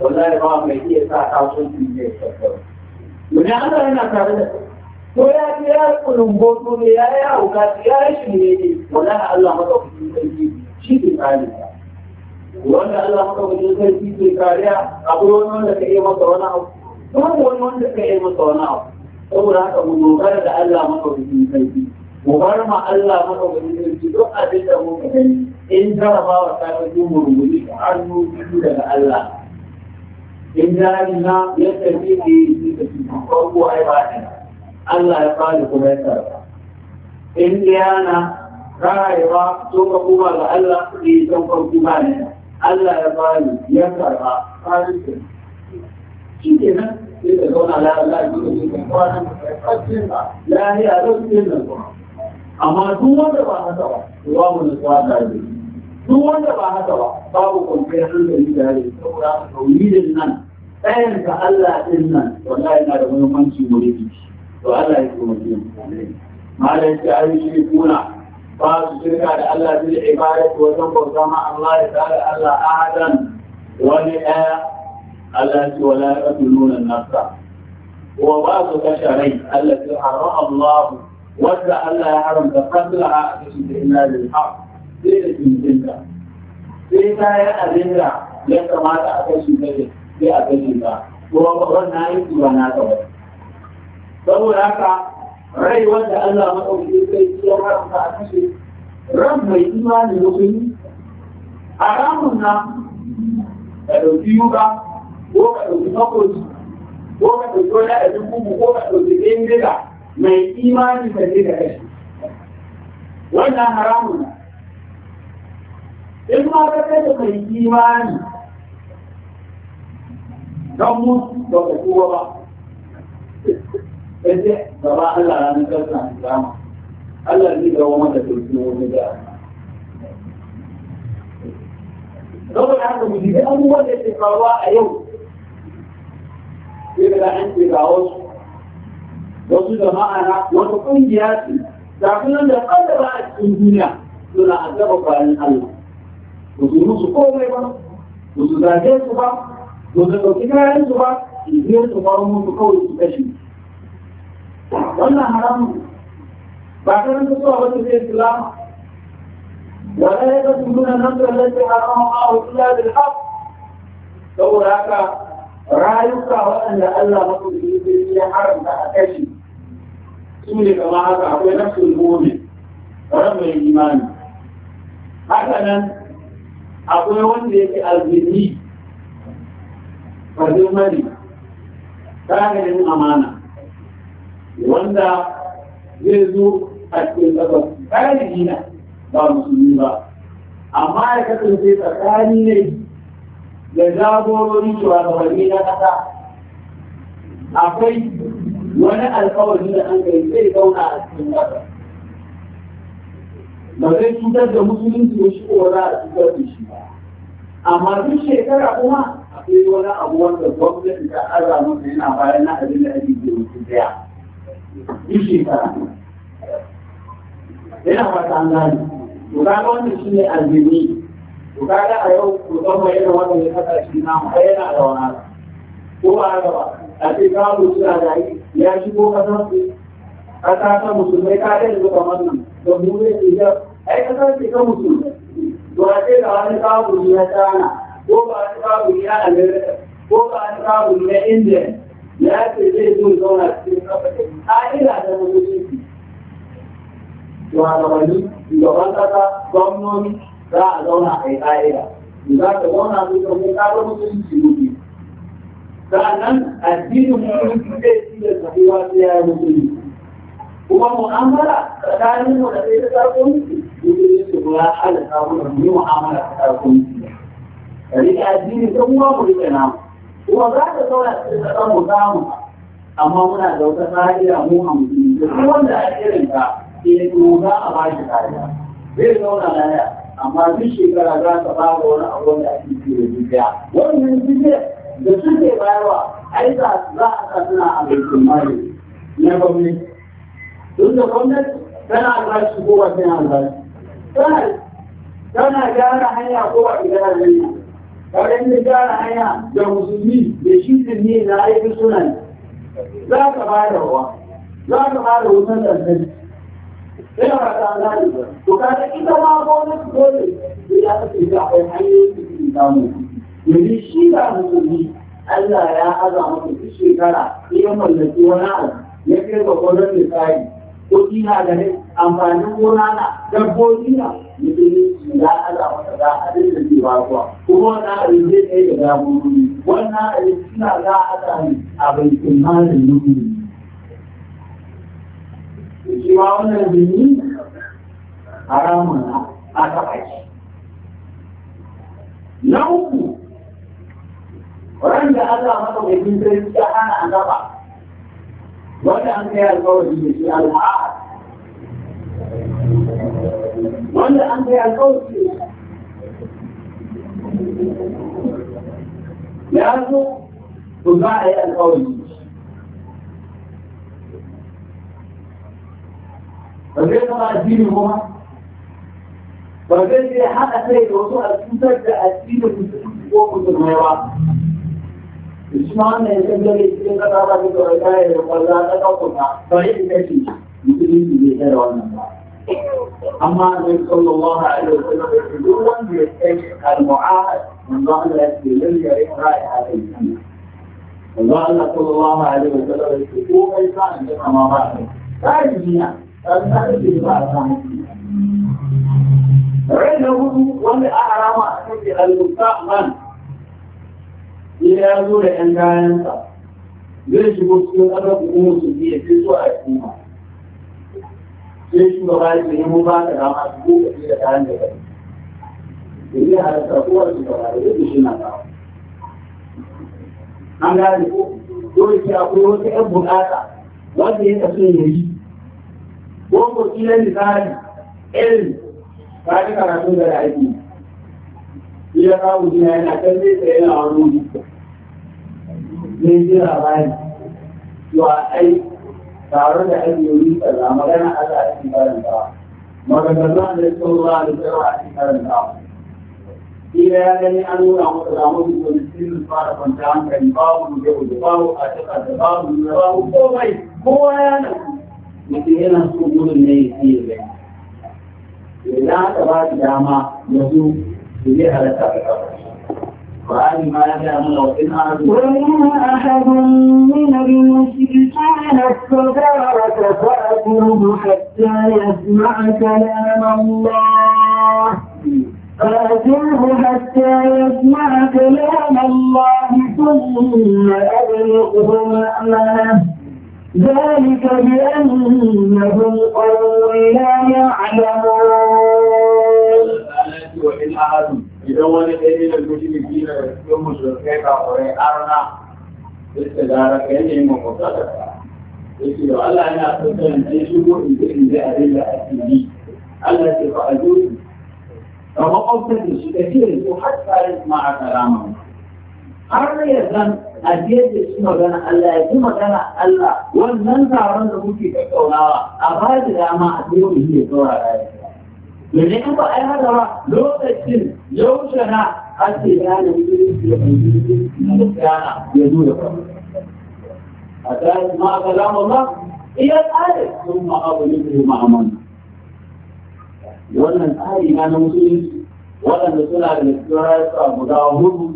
wallahi ba mai iya sa kasuwanci ne ya Wani ana yana tare da ko ya ce ya yi kulumboto ne ya yi hauka ya yi shi ne ne wallahi Allah maka kuɗin sarki shi ke kare ka. Wanda Allah maka kuɗin sarki ke kariya akwai wani wanda ka iya masa wani abu. Babu wani wanda ka iya masa wani abu. Saboda haka mu dogara da Allah maka kuɗin sarki. Mu bar ma Allah maka kuɗin sarki duk abin da mu ka in jarabawa ta ɗauki murmuri a hannu biyu daga Allah. إنجازنا يتبي في قوة عبادنا الله يقال كما يترى إنجانا رايوا سوف قوة لألا في سوف قوة الله يقال يترى خالصا شكرا يتدون على الله يقول لا هي أدوك إلا القرآن أما دون دبا هتوا دوا من الصلاة دون دبا هتوا باب كنت يحلل إلى هذه الثورة توحيد النن ɗayan ka Allah ɗin nan wallahi na da muhimmanci mu riki to Allah ya kuma mu malam ya ayi shi kuna ba su shirka da Allah bil ibadati wa san bauta ma Allah ya tsara Allah ahadan wani ɗaya Allah ya ce wala yaqtuluna nafsa wa ba su kashe rai Allah ya harama Allah wanda Allah ya haramta qatlaha a cikin illa bil haqq sai da cikin sai ta yi abin da ya kamata a kashe kai sai a gani ba ko na yi tura na gaba saboda haka rai wanda Allah maɗauki sai ya haramta a kashe ran mai imani mutum haramun nan ka ɗauki yuka ko ka ɗauki makoci ko ka ɗauki wani abin kuku ko ka ɗauki ɗayan gida mai imani ka je ka kashe wannan haramun nan in ma ka kashe mai imani don mu ba ka kowa ba sai dai gaba Allah ranar karsa a gama. Allah zai ga wani da turki wani da Saboda haka mu jibi abubuwan da ke faruwa a yau sai da an ce ga wasu wasu jama'a na wata ƙungiya ce kafin nan da ƙadara a cikin duniya suna addaba bayan Allah ba su musu komai ba ba su zage su ba to da ɗauki kayan su ba biyar su faru mutu kawai su kashe wannan haramun ba ta karanta zuwa wata zai islam ولا يقتلون النفس التي حرم الله الا بالحق saboda haka rayuka waɗanda Allah mafi ya haramta a kashi su ne kama haka akwai nafsul mu'min ran mai imani haka nan akwai wanda yake alzinni fadin mari tsagarin amana wanda zai zo a cikin ƙasa tsagarin gina ba musulmi ba amma ya kasance tsakani ne da jagorori wani na ƙasa akwai wani alkawari da an kai zai zauna a cikin ƙasa ba zai cutar da musulunci ko shi ko za a cutar da shi ba amma duk shekara kuma akwai wani abu wanda gwamnati ta arza masa yana bayan na abin da ake ke mutum daya yi shekara yana fata an gani to kaga wannan shine azumi to kaga a yau ku san mai irin wannan ya saka shi na mu yana da wani ko ba haka ba a ce ka mu a da yi ya shigo kasar su kasa ta musulmai ka ga yanzu kamar nan da mu ne ke ai kasar ce ta musulmai to a ce da wani kawo ya tsana ko ba ni babu ne a Amerika ko ba wani babu ne Indiya ya ce zai zo zauna cikin kafa da ƙa'ida da mutunci. Shugabanni, shugaban kasa, gwamnoni za a zauna a yi ƙa'ida. Za ka zauna su zama ƙarar mutunci mutunci. Sa'annan addinin mutunci zai ci da tafiya sai ya yi mutunci. Kuma mu'amala tsakanin mu da sai ta ƙarfin mutunci mutunci ba ya halatta mu da mu'amala ta ƙarfin ka riƙe addini ta kuma ku riƙe namu kuma za ka zauna cikin ƙasar mu samu amma muna da wata kariya mu a musulmi duk wanda a irin ka sai to za a ba shi kariya zai zauna lafiya amma duk shekara za ka ba da wani abu da ake ce da dubiya wannan dubiya da suke bayarwa ai za a sa suna a baitul mali na gwamnati tun da gwamnati tana albashi ko ba tana albashi tana gyara hanya ko ba gyara hanya waɗanda gyara hanya da musulmi da shi ne da aikin sunan za ka ba da ruwa za ka ba da wutan lantarki ina ba ta zai ba to ka ga ita ma gwamnati dole da ya ka ce ta akwai hanyoyin da suke samu yanzu shi da musulmi Allah ya aza masa duk shekara iya mallaki wani abu ya kai ga gwamnati tsari kuɗi na da ne amfanin gona na dabbobi na mutum ya ala wata za a dinga ji ba kuwa kuma wannan abin zai kai da dabbobi wannan abin suna za a ne a baitin malin nufi shi ma wannan jini haramun na a taɓa shi na uku wanda Allah maɗaukakin sarki ya hana annaba wanda an kai alkawari da shi al'ahad wanda an kai alkawari ya zo to za a yi alkawari ba zai zama addini kuma ba zai haɗa kai da wasu a cutar da addinin musulmi ko musulmai ba Usman ne sun gani cikin kasa ba su kawai kayan da kwalla ta kakuta, kawai ita ce musulunci bai tara wannan ba. أما النبي صلى الله عليه وسلم بدون يستشق المعاهد من ظهر الأسئلة يريد رائحة الجنة وظهر صلى الله عليه وسلم يستشق إنسان كما رأى لا يجينا فلنحن في بعض رجل ومن أعرام أحد المستقبل sai ya zo da ‘yan kayansa zai shigo cikin ƙasar hukumar su biya sai so a kuma sai shugaba ya ce mu ba ka dama su ko ka da kayan da kai da yi halatta kowar ba da yake shi na kawo an gane ko dole sai akwai wata ‘yan buƙata wanda ya tafi ya yi ko ko kilan misali irin ba ta karatu da aiki ya kawo jina yana kan zai tsaye na wani wuri ne zai ramani cewa ai tare da ake yi kaza magana Allah a cikin karantawa maganganun da suka ruwa da tsawa a cikin karantawa Ila ya gani an nuna masa da mutu da sirrin fara kwanta hankali babu da yau da babu a taka da babu da babu komai kowa ya nan mutum yana so gudun ne ya fiye da ya za ka ba da dama yanzu su zai halatta da kafa قال ما يعلمون وإن أحد أحد من المشركين استجارك فأجره حتى يسمع كلام الله فأجره حتى يسمع كلام الله ثم أبلغه مأمنه ذلك بأنهم قوم لا يعلمون وإن أحد idan wani ɗaya ne da mutum da cikin musulmai kafurai arna yadda gara ka yadda yin makwabta da ka yake da Allah yana son sanin sai shigo in ji in ji a rai da asiri Allah ce fa a zuci ga makwabta da shi ka ce ko har tsarin ma a kalama har da ya zan a biyar da shi magana Allah ya ji magana Allah wannan taron da muke tattaunawa a ba da dama a biyo mu ya saurara ya yanzu in ba a yi haka ba lokacin yaushe na ake gane musulunci da musulunci na gana ya zo da kwamfuta a tsarin ma a kalam Allah iya tsarin sun ma'abu ne su ma'aman wannan tsari na na musulunci waɗanda suna da nasirarsa guda hudu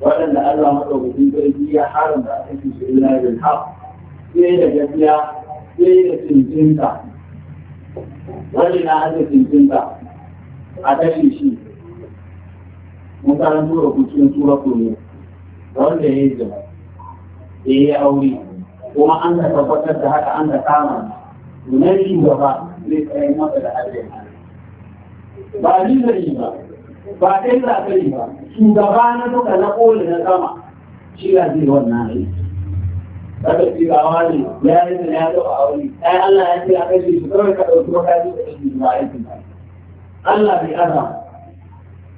waɗanda Allah maɗaukakin sarki ya haramta a cikin shi illa bil haq sai da gaskiya sai da cincinta wani na arzikin jinta a kashe shi mun karan tura ku cikin tura ku ne wanda ya yi da ya yi aure kuma an ka tabbatar da haka an ka kama na nan gaba zai tsaye masa da arzikin ba ni zai ba ba ɗaya za ka yi ba shugaba na duka na ƙoli na sama shi ya zai wannan aiki kada shi ba wani ya yi da ya taɓa aure ai Allah ya ce a kai shi kawai ka ɗauki makami da shi ba aikin ba Allah bai ana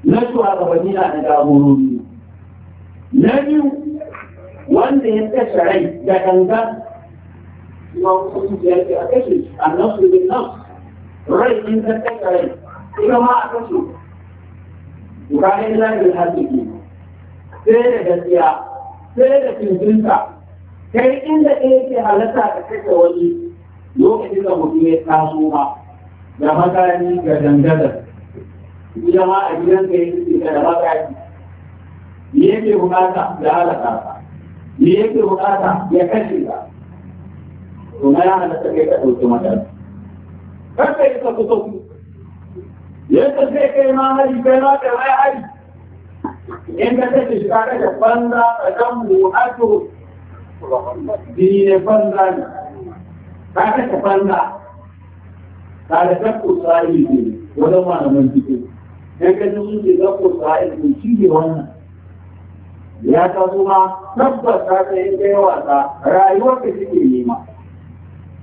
na shugabanni na da jagorori na biyu wanda ya kashe rai da ganga kuma kuma ya ce a kashe shi annabi bin nafs rai in ta kashe rai ita ma a kashe bukatai na bin hasiki sai da gaskiya sai da cincinta sai inda ɗaya yake halatta a kashe wani lokacin da mutum ya taso ma da makani ga dangadar gida ma a gidan ka yi suke da makani me yake bukata da halaka ka me yake bukata ya kashe ka to na yana halatta kai ka ɗauki makani kar ka yi sauki sauki yadda zai kai ma hari kai ma kai mai hari in ka kashe shi ka kashe banza ka kan mu hajjo jini ne banza ne ka kasa banza ka da kakko sa'ili ne wajen malaman jiki dan ka ji sun ce kakko sa'ili ne shi ne wannan ya ta kuma tabbas ta ta yi kai wasa rayuwar ka shi ke nema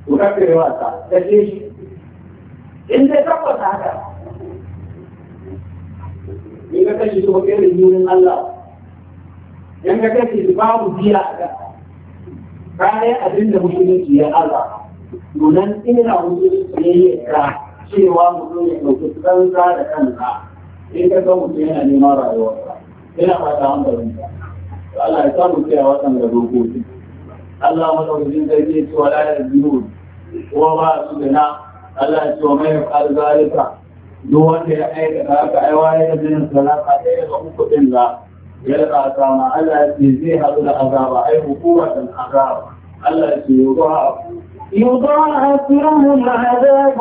ko ka yi wasa ta ce shi in dai tabbas haka in ka kashe su ba kai da yurin Allah in ka kashe su babu biya a bayan abin da musulunci ya aza nunan ina musulunci ya yi ka cewa mutum ya ɗauki tsanza da kansa, in ka ga mutum yana neman rayuwarsa yana fata hankalin ka Allah ya samu cewa da dokoki Allah madaukakin sarki ya ce wa la'ayar biyu kuma ba su da na Allah ya ce wa mai fa'al zalika duk wanda ya aikata haka ai waye da jinin salaka da ya ga uku din ga ya rasa ma Allah ya ce zai haɗu da azaba ai hukumar azaba يضاعف له العذاب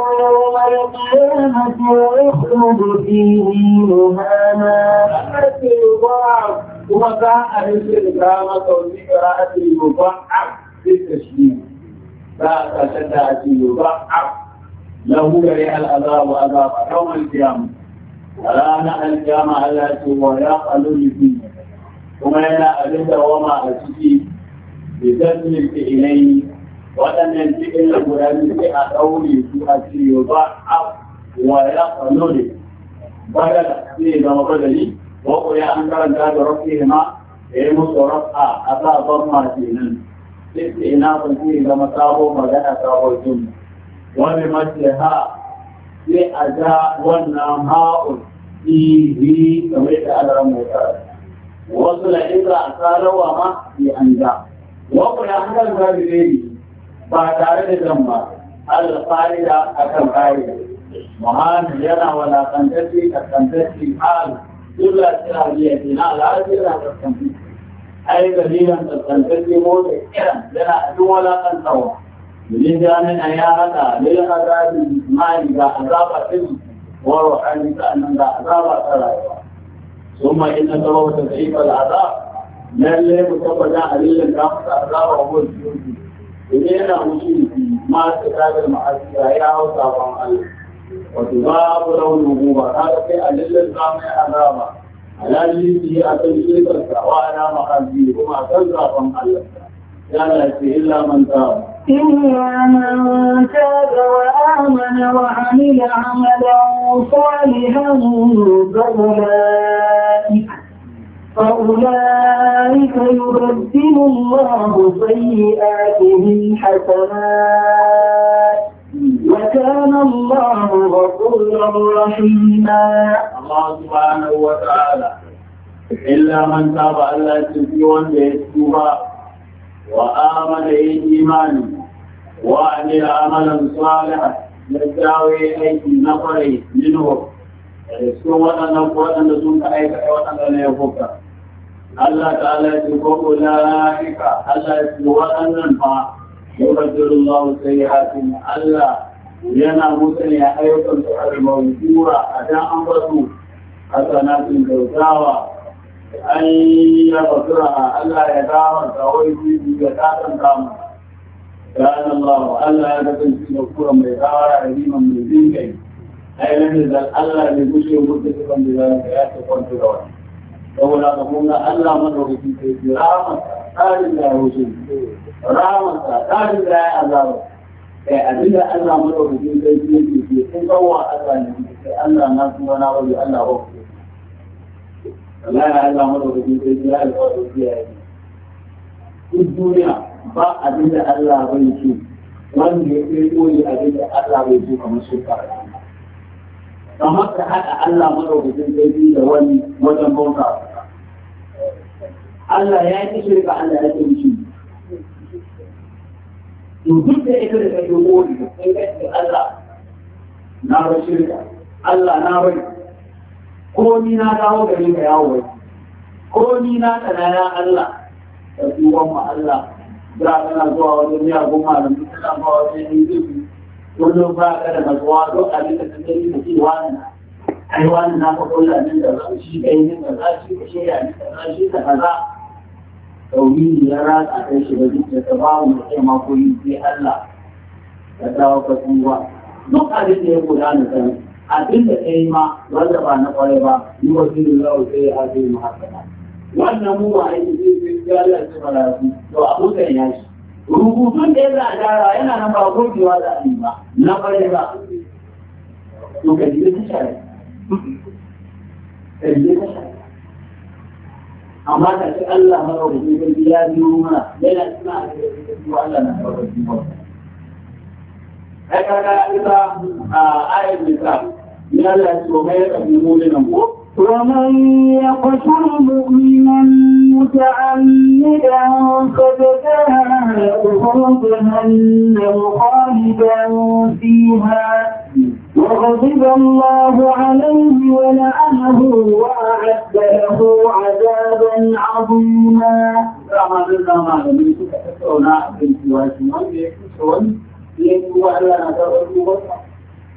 يوم القيامة ويخلد فيه مهانا يضاعف ومتاع أهل الكرامة وذكرى المضاعف بالتشديد لا تشدع يضاعف له يريع العذاب عذاب يوم القيامة رانا القيامة التي ويقل فيه وما يلا أبدا وما أتيه بجسم الفعلين waɗannan cikin guda biyu sai a ɗaure su a ciyo ba a waya tsanoni badala sai zama badali wa ƙuri'a an karanta da rafi ma da yi musu rafa a sa ban ma kenan sai ina sun sai zama sabo magana sabo jin wani mace ha sai a ja wannan ha'ul ihi kamar da alaran motar wasu la'ira a tsarawa ma sai an ja وقل أحد الغابرين ba tare da zan ba alfa'ida a kan fa'ida muhammad yana walakantacce kaskantacce al dula tira biya ke na al'adira kaskantacce ai dalilan kaskantacce motsa kiran yana abin walakantarwa domin jami'in a ya haɗa lil azabin jismani ga azaba ɗin wa ruhani sa'annan ga azaba ta rayuwa ثم إن سبب تضعيف العذاب lalle mu tabbata a lillan da mu tsara wa mun shirki idan yana mushriki ma ta kadar ma'asiya ya hau sabon Allah wato babu raunin goma ka kai a lillan da mai azaba alali shi a kan shirkar sa wa ana ma'azi kuma kan sabon Allah ya lafi illa man taba إلا من تاب وآمن وعمل عملا صالحا فأولئك فأولئك يبدل الله سيئاتهم حسنات وكان الله غفورا رحيما الله سبحانه وتعالى إلا من تاب ألا تبيون بيتوبا وآمن إيمان وعمل عملا صالحا للدعوة أي نفري منه daga cikin waɗannan waɗanda sun ka aikata waɗanda ne ya kuka Allah ta ala ce ko ula'ika Allah ya ce waɗannan fa yubaddilu Allah sayyi'atin Allah yana musanya ayyukan su al a dan an basu hasanatin kyautawa an ya basura Allah ya dawo da wai bibi ya tatan kama ya Allah Allah ya kasance da kura mai dawara da liman mai zinkai ai lam yazal Allah ne gushe muttafaqan bi zalika ya ta kwanta da wani saboda ka mun ga Allah madaukaki sai ya rama tsarin da ya wuce rama tsarin da ya azaba kai abin da Allah madaukakin sai ya ce ke kun gawa Allah ne sai Allah na kuma na wani Allah ba ku wallahi Allah madaukakin sai ya alƙawari ya yi duk duniya ba abin da Allah bai ce wanda ya kai koyi abin da Allah bai ce kamar shekara kamar ka haɗa Allah maɗaukakin sarki da wani wajen bauta Allah ya yi shirka Allah ya ce mishi to duk da ita da kake wuri da kai kake Allah na bar shirka Allah na bar ko ni na dawo gare ka yawo wai ko ni na tsanana Allah da tuban mu Allah za ka na zuwa wajen miyagun malam malamin kana ba wajen yin wajen ba ka da matsuwa duk abin ta kai yi kake wani ai wani na ka kula nan da za shi kai ne da za shi ka shirya ne da za shi ka kaza domin ya ratsa kai shi da duk da ta ba mu kai ma ko yi sai Allah ka dawo ka tuba duk abin da ya gudana kan abin da kai ma wanda ba na kwarai ba yi wa zirin lawo sai ya haɗe mu haka wannan mu ba aiki zai zai ya lalace ba to abokan ya shi rubutun da ya za a gyara yana nan ba gogewa za a yi ba na bare ba to ka jiye ta shari ka jiye ta shari amma ka ci Allah mara rubutu ga biya biyu mana yana suna da rubutu Allah na mara rubutu ai kaga ita a ayyukan misal ya Allah so mai da mu ne nan ko ومن يقتل مؤمنا متعمدا قد كان جهنم خالدا فيها وغضب الله عليه ولعنه واعد له عذابا عظيما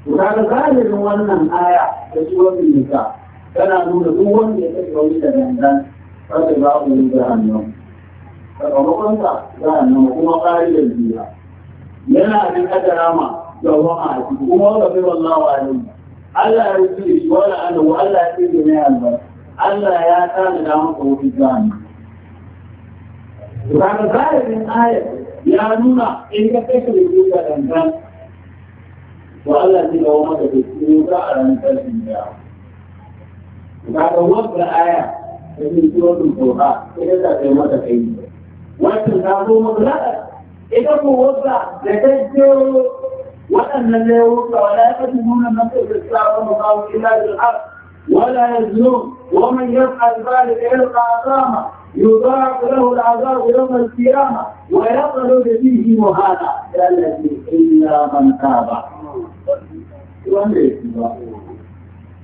وهذا قال لنا آية تسوى في النساء كان نقول لهم يتسوى في النساء kada za ku yi jahannan sakamakonsa jahannan kuma ƙa'idar jiya yana da kadara ma da wama a ciki kuma wanda bai wallawa ne Allah ya rufe shi wala annahu Allah ya ce mai albarka Allah ya tana da maka wani jahannan Daga zahirin ayar ya nuna in ka kashe da ke da dangan to Allah zai dawo maka da cikin wuta a ranar tashin da. Daga wata aya da ke surutun toha ita za ta yi mata kai wancan ta zo mutulaka ita ko wasa da ta jero waɗannan da ya wuka wala ya kasu nuna masa da sabon makawo ila da ولا يزنون ومن يفعل ذلك يلقى عذابا يضاعف له العذاب يوم القيامه ويخلد فيه مهانا الذي الا من تاب.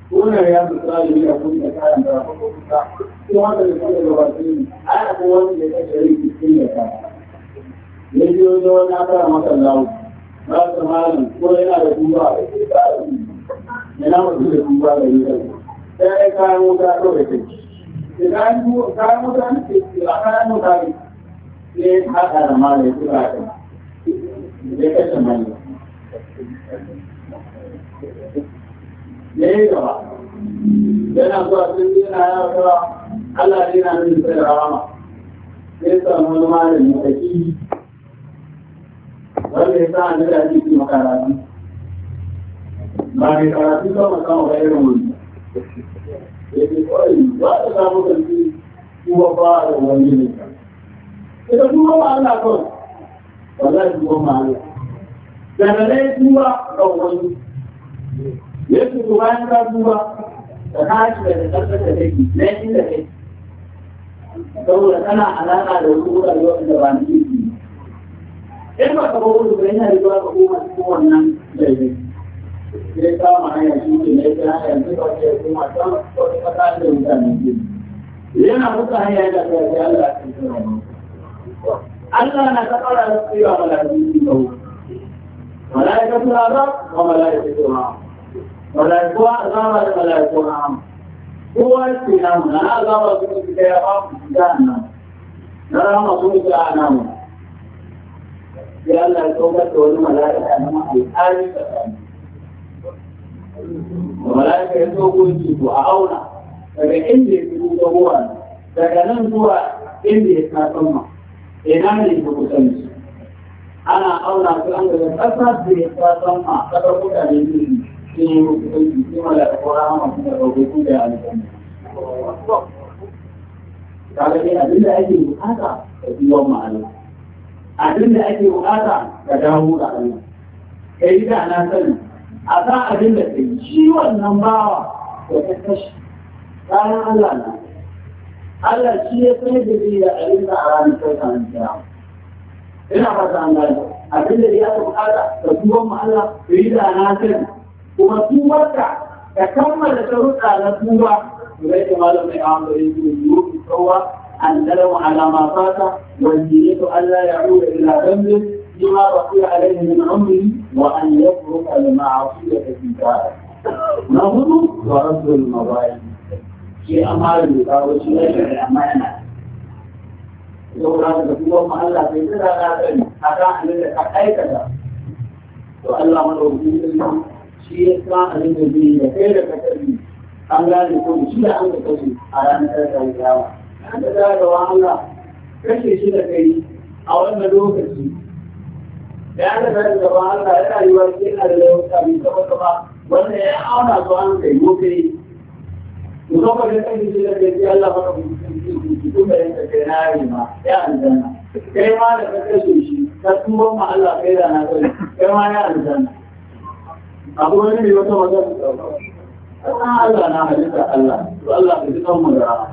wannan ya fi tsari da kun da kayan da rafa kusa shi wanda da kuma da wasu ne a yi akwai ya kashe rikin cikin da kaya ya ji wani wani aka masa lawo ba su malam, ko yana da duba da kai ba na mutu da duba da yi sai ya kayan wuta kawai kai idan kayan wuta ne a kayan wuta ne sai ya haɗa da malin ya tura kai ya kashe malin ya yi gaba yana zuwa Allah na da wanda ya sa ni da jiki makaratu ba karatu ba ta ba da wani ne ita ba Allah Allah daga yanzu ko bayan ka duba da ka shi da karfata da ke na yi da kai saboda tana alaƙa da wasu wurare wanda ba na ke in ba ka ba wani ba yana da zuwa ka koma cikin wannan laifin sai kama hanya shi ke na yake hanya yanzu ba ke koma can wata kasa da mutane ke yana mutu hanya yana da ya Allah ya kai Allah na ta ƙara tsayawa mala'iku su kawo. Mala'ikatu azab wa mala'ikatu ma'am. malaikuwa azaba da malaikun rahama kowa ce namu na azaba sun yi kai ba su da nan na rahama sun yi a namu sai Allah ya saukar da wani mala'ika na ma'aikari da sami mala'ika ya sauko shi to a auna daga inda ya fito da ruwa daga nan zuwa inda ya kafin ma ina ne ka kusanci ana auna su an daga ƙasa da ya kafin ma ƙasar mutane ne kaga abin da ake bukata ka biyo ma'ana abin da ake bukata ka dawo da Allah kai da na sani a sa abin da kai shi wannan bawa da ka kashi bayan Allah na Allah shi ya san da zai da abin da a ranar kai kan kira ina fata an gane abin da ya bukata ka biyo ma'ana kai da na sani kuma tubarka ka kammala sharuɗa na tuba إليك ما لم يعمل إليك الجنوب الصوى أن تلو على ما فات والدينيت ألا يعود إلى ذنبه بما بقي عليه من عمره وأن يترك المعصية في ذلك. نظر ورد المظالم شيء أمال يقال شيء الأمانة. saboda da kuma ma Allah bai tsira da kai haka an da ka aikata to Allah madaukakin sarki shi ya sa a rinka biyu da kai da kasari an gane ko shi da an ka kashe a ranar da yawa ta da zagawa Allah kashe shi da kai a wannan lokaci da ya da zai gaba Allah yana yi wa sai a da yawa mai gaba gaba wanda ya auna su an kai ko kai to kuma da kashe shi da kai Allah ba ka mutum da yanka kai na yi ma ya aljanna kai ma da ka kashe shi ka tuba ma Allah kai da na kai kai ma ya aljanna abu wani ne wata wajen Allah na halitta Allah to Allah ka ji kanmu da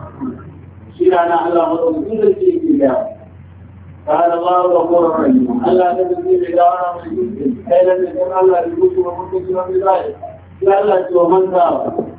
shi rana Allah madaukakin da ke ke da قال الله غفور رحيم الله تبدي بدارا من الجن كيف تجعل الله يجوز ومنتج من بدايه قال الله ومن دار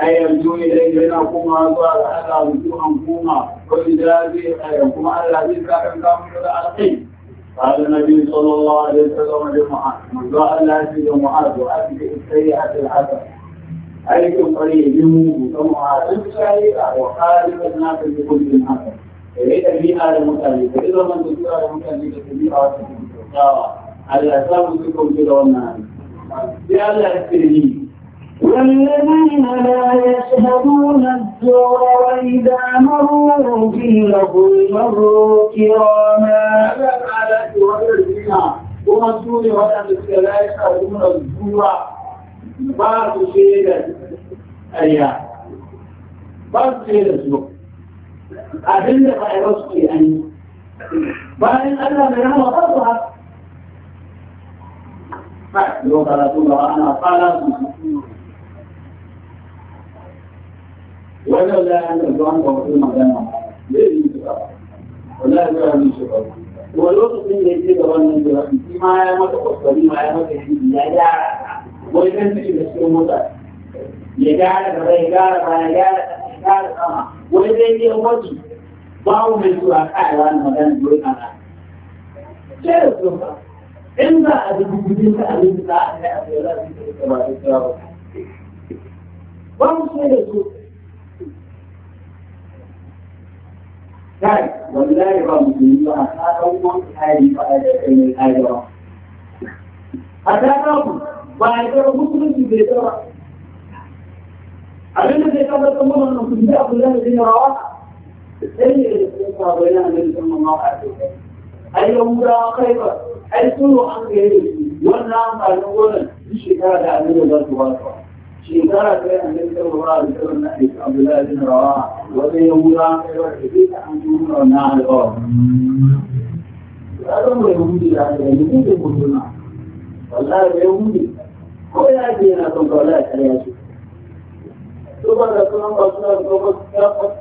أي يرجون إليه بينكما وقال على وجوهكما وإجازي أيكما الذي كان كامل على قيم قال النبي صلى الله عليه وسلم لمعاذ من قال لا يزيد معاذ وأبدي السيئة الحسن أيكم قريب يموت ومعاذ السيئة وخالف الناس بكل حسن إذا في آل مكلفة إذا من تكون آل مكلفة في آل مكلفة على سامسكم كده والنار في آل السيئة والذين لا يشهدون الزور وإذا مروا في لغو مروا كراما ومسؤول وأنك لا يشهدون الزور بعض شيئا أيام يعني. بعض شيئا الزور أدلة فيروسكي يعني بعد لو قالت له أنا wannan la ya da zuwa ga magana zai yi su ba wallahi zai yi su ba kuma lokacin da yake da wannan jira shi ma ya mata kokari ma ya mata shi ya gyara wani kan su shiga cikin mota ya gyara gaba ya gyara ba ya gyara ya gyara sama wani zai yi wani babu mai zuwa kai wani magana zuwa kana sai su ba in za a dubu gudun ka abin da za a kai a kai za a yi ba ba mu sai da su kai wallahi ba musulmi ba a kaɗan wani hali ba a da kai mai hali ba a kaɗan ku ba a kira hukunci bai tsara abin da zai kaɗa kan mana nan kuma abu da zai rawa sai ne da sun faru yana da sun mamma a kai ai yahudawa kai ba ai sun an gaya da su wannan amfanin gonan duk shekara da abin da za su ba su ba shekara ta yana da kyau wa da kyau na aiki abdullahi bin rawa wanda ya wura kai wa da fita an nuna wannan alƙawar ya zama ya hudu da ya yi hudu mutuna wallahi ya hudu ko ya ce yana son ka wallahi kare ya ce Tuba da sunan ba suna zuwa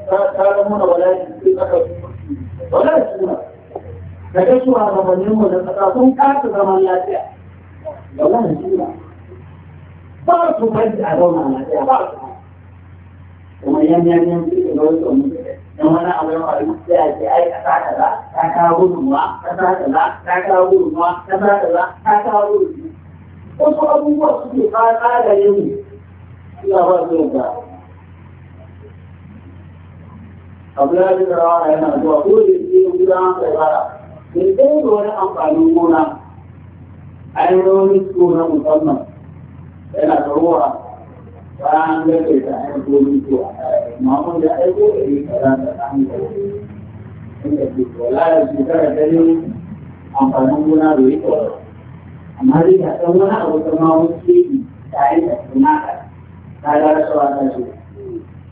ta tara muna wallahi sai aka wallahi suna daga shugabanninmu da ƙasa sun kasa zaman lafiya da wannan suna بعضهم قد أعلم على ذلك بعضهم ومن لم يؤمن به فهو مؤمن لما أنا أمر أن يأتي أي أتاك لا تكابر الله أتاك لا تكابر الله أتاك لا تكابر الله وصو أبو بكر قال هذا يوم إلى رسول الله قبل أن ترى أنا وأقول في غلام صغار من أين وأنا أمر أن أقول أنا نسكون مصمم yana da ruwa bayan da ke da ainihin gobe ko mamun da aiko da yi kaza da ɗan gobe inda ke wala da shekara ta yi amfanin gona da yi kwarar amma dai ka san wani abu ta mamun ciki da yi da tunaka ta ga rashawa ta ce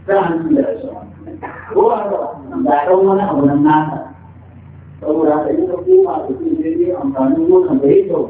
ta hankali da rashawa ko a da ɗan wani abu na naka saboda haka yi ka koma da su daidai amfanin gona da yi kyau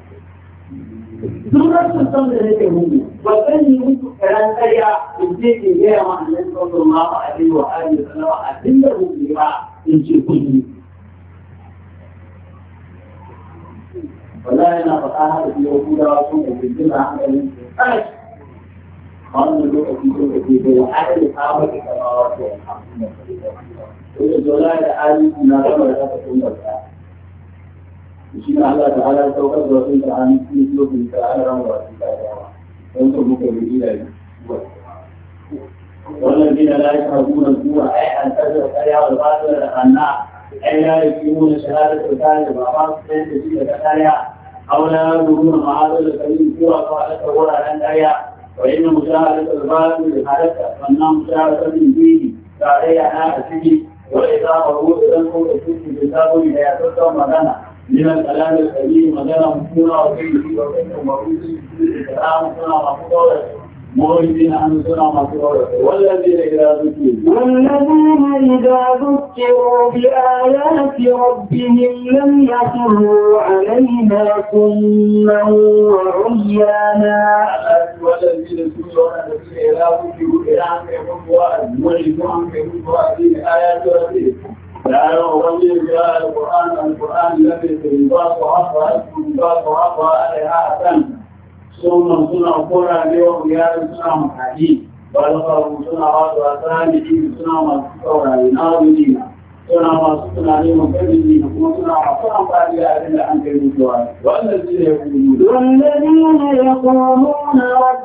duk rashin son da nake muku ba zan yi muku karan karya in ce ke gaya ma annabi sallallahu alaihi wa alihi wa sallam abin da ba in ce kun wallahi yana faɗa haka da yahudawa sun da jirgin da hankalin ke tsarai a wannan lokaci sun da ke bai wa ake samun da kama wasu yanka. da zola da na gama da haka sun da shi ne Allah ta ala saukar da wasu ta hannu sun yi lokacin ta ana rama wasu ta yawa don su muka yi ilayi wannan gina la ya karbu na zuwa ai an tsara karya wa ba da anna ai ya yi kimo na shahada ta kare ba ma su san da shi daga karya aula rubuna ma'azal kalin zuwa ga alaka wuraren karya wa inna mushahadatu al-batil halaka wannan mushahadatu al-dini tarayya na asiri wa idza maru idan ko da shi da sabo da ya tsara magana من الكلام الكريم مدام كنا وكيفي وكيف مروزي كلام كنا مقدورة مغيبين عن سنة مقدورة والذين إذا ذكروا والذين إذا ذكروا بآيات ربهم لم يخروا علينا كنا وعيانا والذين سنوا الذين إذا ذكروا بآيات ربهم لم يخروا عليها سنا وعيانا القرآن القرآن الذي في الباط وعفا اسم الباط عليها أحسن آية. ثم سنة قرى اليوم يا سنة حديث بل قرب سنة عضو أثاني سنة مكتورة لناظرين والذين يقولون ربنا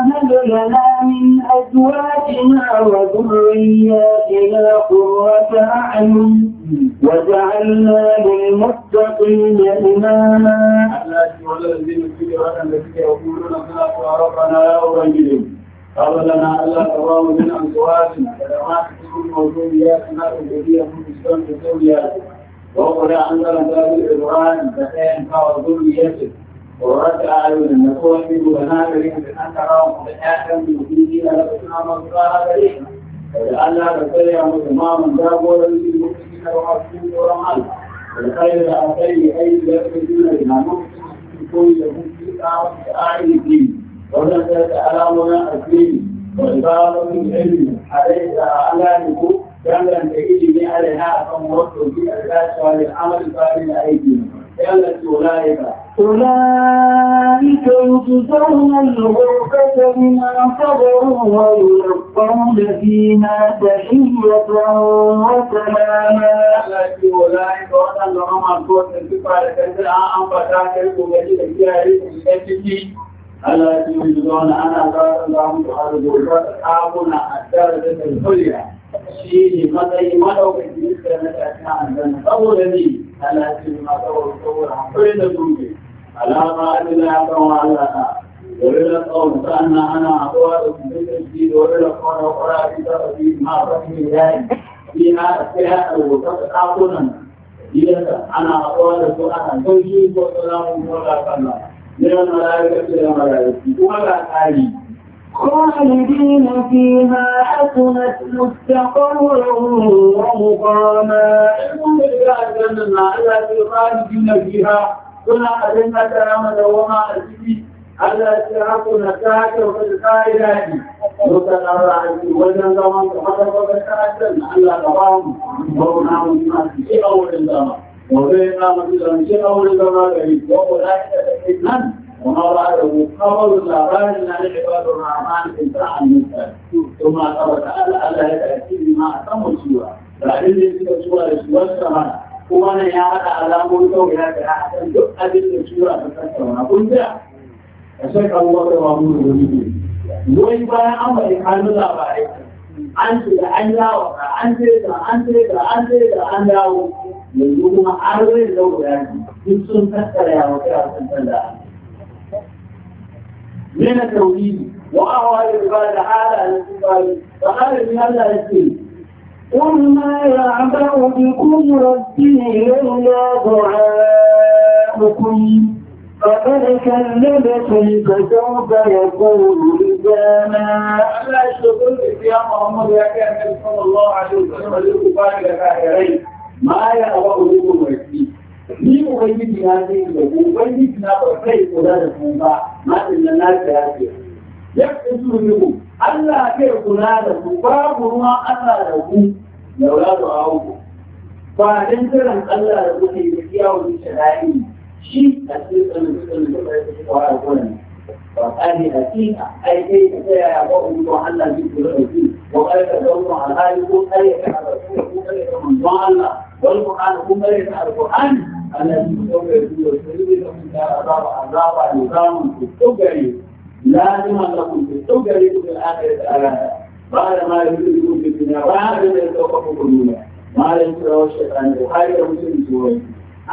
هب لنا من ازواجنا وذرياتنا قره اعين وجعلنا للمتقين اماما الذين يقولون ربنا هب لنا من ازواجنا وذرياتنا قره اعين قال لنا الا تراه من ازواجنا فلما تكون موجودياتنا وجوديهم بالشمس زوجها وقرا ان ذلك ابراهيم فتيان وذريته ورد اعين نقول في بناتهم بان تراهم فتاه مبيدين لبسنا مصراها كريما ولئلا تتبعهم اماما جابوا للمسلمين وعصموا ورمال والخير اعطيه اي يخرجون بما نقص في كل يهود في اعين الدين waɗanda da alamomin addini da sabon ilimi a rai da alani ko danganta ilimi a rai na akan wato bi a dacewa da amalin fari da aiki danganta ulaika أولئك يجزون الغرفة بما صبروا ويلقون فيها تحية وسلاما. أولئك وأنا ya القوة في فارقة ألا يريدون أن أدار لهم الأرض والأرض الدار الدنيا شيء متى ما لو كنت كانت أكان أن تقول لي ألا تريد ما تقول تقول حين تقول ألا ما أدري أكون على ولولا قوم فأنا أنا أقوال بالتجديد ولولا قوم وقراء في ما رحمي الله فيها فيها وتقطع أنا أقوال أنا تنشيك وسلام ولا كلام من الملائكة إلى الملائكة ولا آلي خالدين فيها حسنت مستقرا ومقاما إنهم إلى الجنة التي خالدين فيها كنا أذنة أمدا وما أزيد التي حسنت ساكر في الخائرات وتنرى وجن زمان تحدث وتتأثر ألا ترام وهم عام الناس في أول الزمان Wanda ya kama su zanci na wuri zama da yi, wanda ya kama su zanci na da yi, wanda ya kama su zanci na wuri zama da yi, wanda ya kama su zanci da yi, wanda ya kama su zanci na da yi, wanda da yi, wanda ya kama su ya kama su zanci na wuri zama da yi, wanda da yi, wanda ya kama su zanci na wuri da yi, yi, wanda ya kama su zanci na wuri zama da yi, wanda da yi, yi, wanda da yi, wanda da yi, wanda da yi, wanda da yi, wanda يعني. من التوحيد واهو العباد على الاستقبال فقال ابن الله يسير قل ما يعبا بكم ربي الا دعاؤكم فقد كذبتم فسوف يكون اذا ما يشكركم في يوم عمر يا كامل صلى الله عليه وسلم الاستقبال الى كاهرين ma ya rawa ulukun warfi ni ubangiji na zai da ubangiji na ba zai kula da su ba na tsallan na ta yafe ya fi su rubu Allah zai kula da su babu ruwa Allah da ku da da awu ba dan tsirin Allah da ku ne da kiyawo da shi a cikin tsanin tsanin da ta fara gwanin وأذن فيها أي كيف سيعبأ الله ألا ذكره فيه وقال تدور على هذا يقول أي الرسول يقول أي من الله والقرآن هم أي القرآن الذي يدور فيه ويسلم لهم عذاب عذاب نظام في السجر لازم لكم في السجر في الآخرة ألانا بعد ما يريدكم في الدنيا بعد ما يتوقفوا الدنيا ما يسرى الشيطان وخير مسلم سوى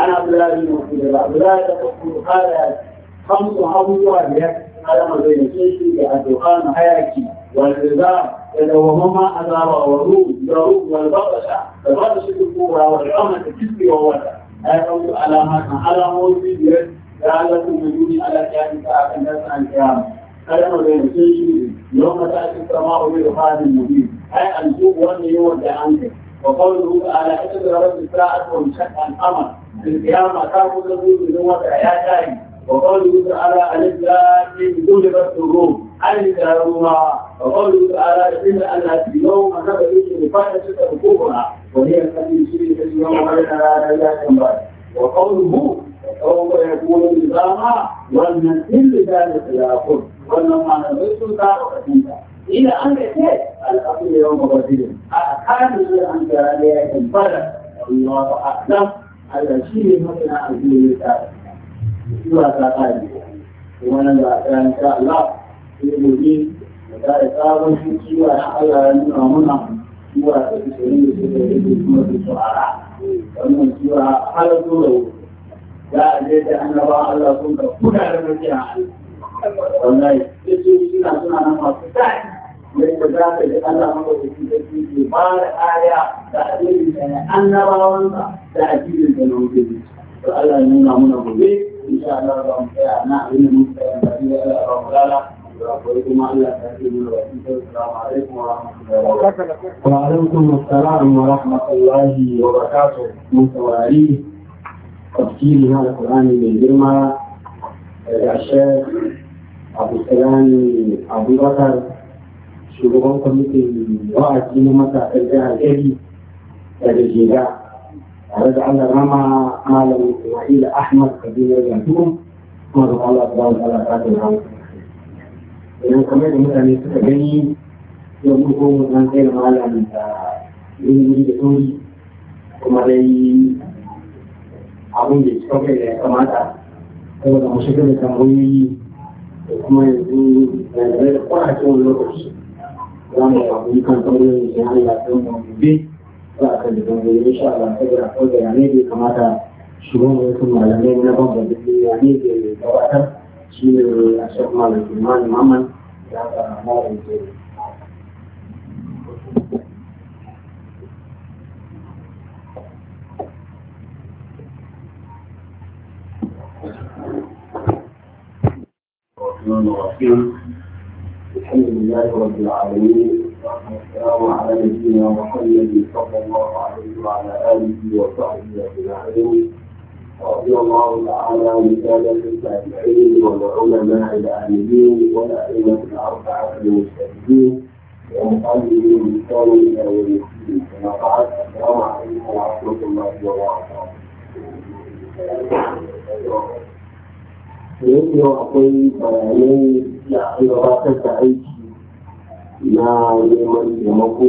أنا عبد الله بن مسعود عبد الله بن مسعود قال خمس أبواب قال بين الشيخ والدخان حياتي والرضا يدومهما عذاب والروم والروم والبطشة البطشة الكبرى والعمة الكسب والوطن أي قول علامات على موت لعلكم من دون على كان فأكن ناس عن كلام كلام بين الشيخ يوم تأتي السماء بدخان مبين أي الجوب وأن يودع عنك وقوله تعالى أتت رب الساعة وانشق القمر في القيامة كان مدرسون من وضع يا كائن وقوله تعالى ألف من دون الروم ألف لهما وقوله تعالى إن أن في يوم نبذت لفتشة ركوبها وهي التي في يوم عليها لا بعد وقوله سوف يكون نظاما كل ذلك يأخذ والنمان سلطان كارثة إلى أن يكون الأخير يوم غدير أحكام إلى أن ترى الله أكثر على شيء مثل هذه الرسالة zuwa ta ƙari kuma nan da a insha Allah sai gobe da ta yi sabon shi kiwa na Allah ya nuna muna kiwa ta fi shirin da suka yi da kuma su su'ara wannan kiwa har zuwa wuri za a je da annaba Allah sun ka kuda da mafi a Allah wallahi sai su suna suna nan masu daɗi yadda za ka ji Allah mabaukaki da su ke ba da aya da addinin da annabawansa da addinin da na wuce to Allah ya nuna muna gobe وعليكم السلام ورحمة الله وبركاته من تواريخ تفسير هذا القرآن من جرمة الشيخ أبو السلام أبو بكر شغلكم مثل واحد من مساء الجهة الأبي الجهة tare da Allah rama malam Ismail Ahmad Kabiru Yanzu kuma da Allah ta wani Allah ta tura. Idan kamar da mutane suka gani yau mun komo nan kai da malam da yin da sauri kuma dai abin da cika kai da ya kamata saboda mu shiga da tambayoyi da kuma yanzu da da kwanacin lokaci za mu yi kan tambayoyin da ya hanyar sun za a kan da bangoyi eh, insha Allah saboda akwai bayanai da ya kamata shugabansu malamai na bambam bayanai da ya gabatar shi ne a eh, shafin malam Imani Maman ya fara malam Jere. الرحمن الرحيم الحمد لله رب العالمين والسلام على نبينا محمد صلى الله عليه وعلى اله وصحبه اجمعين رضي الله تعالى عن سادة التابعين والعلماء العاملين والأئمة الأربعة المجتهدين ومقلدين بإحسان إلى كما قال السلام عليكم ورحمة الله وبركاته. Yau akwai bayanai da gabatar da aiki na neman taimako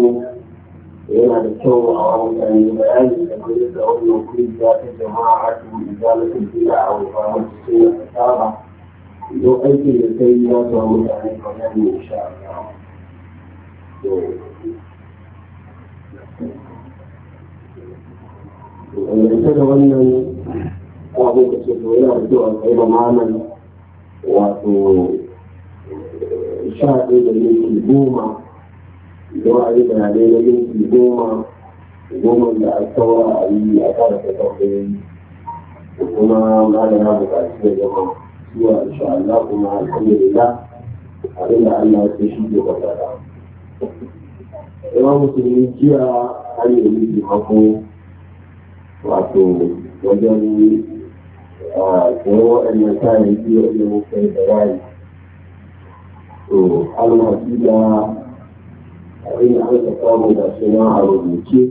yana da kyau a wannan bayani da kuma da wannan kungiya ta jama'a ta izalatin bila a wajen cikin tsara don aikin da ta yi ya zama mutane kamar ne insha Allah. Dangance da wannan abubuwa ce to yana da kyau a tsaye da malam wato sha ɗaya da minti goma don a yi bayanai na minti goma goma da a saura a yi a fara ta tambayoyi kuma malama buƙaci da zama zuwa insha Allah kuma alhamdulillah abin da Allah ya shi ke kwatara. Yawan musulmi jiya an yi ke mako wato wajen ah, koyo waɗannan kayan kayayyaki waɗanda kai da rayu. to allah da abin da aka samu da suna a rubuce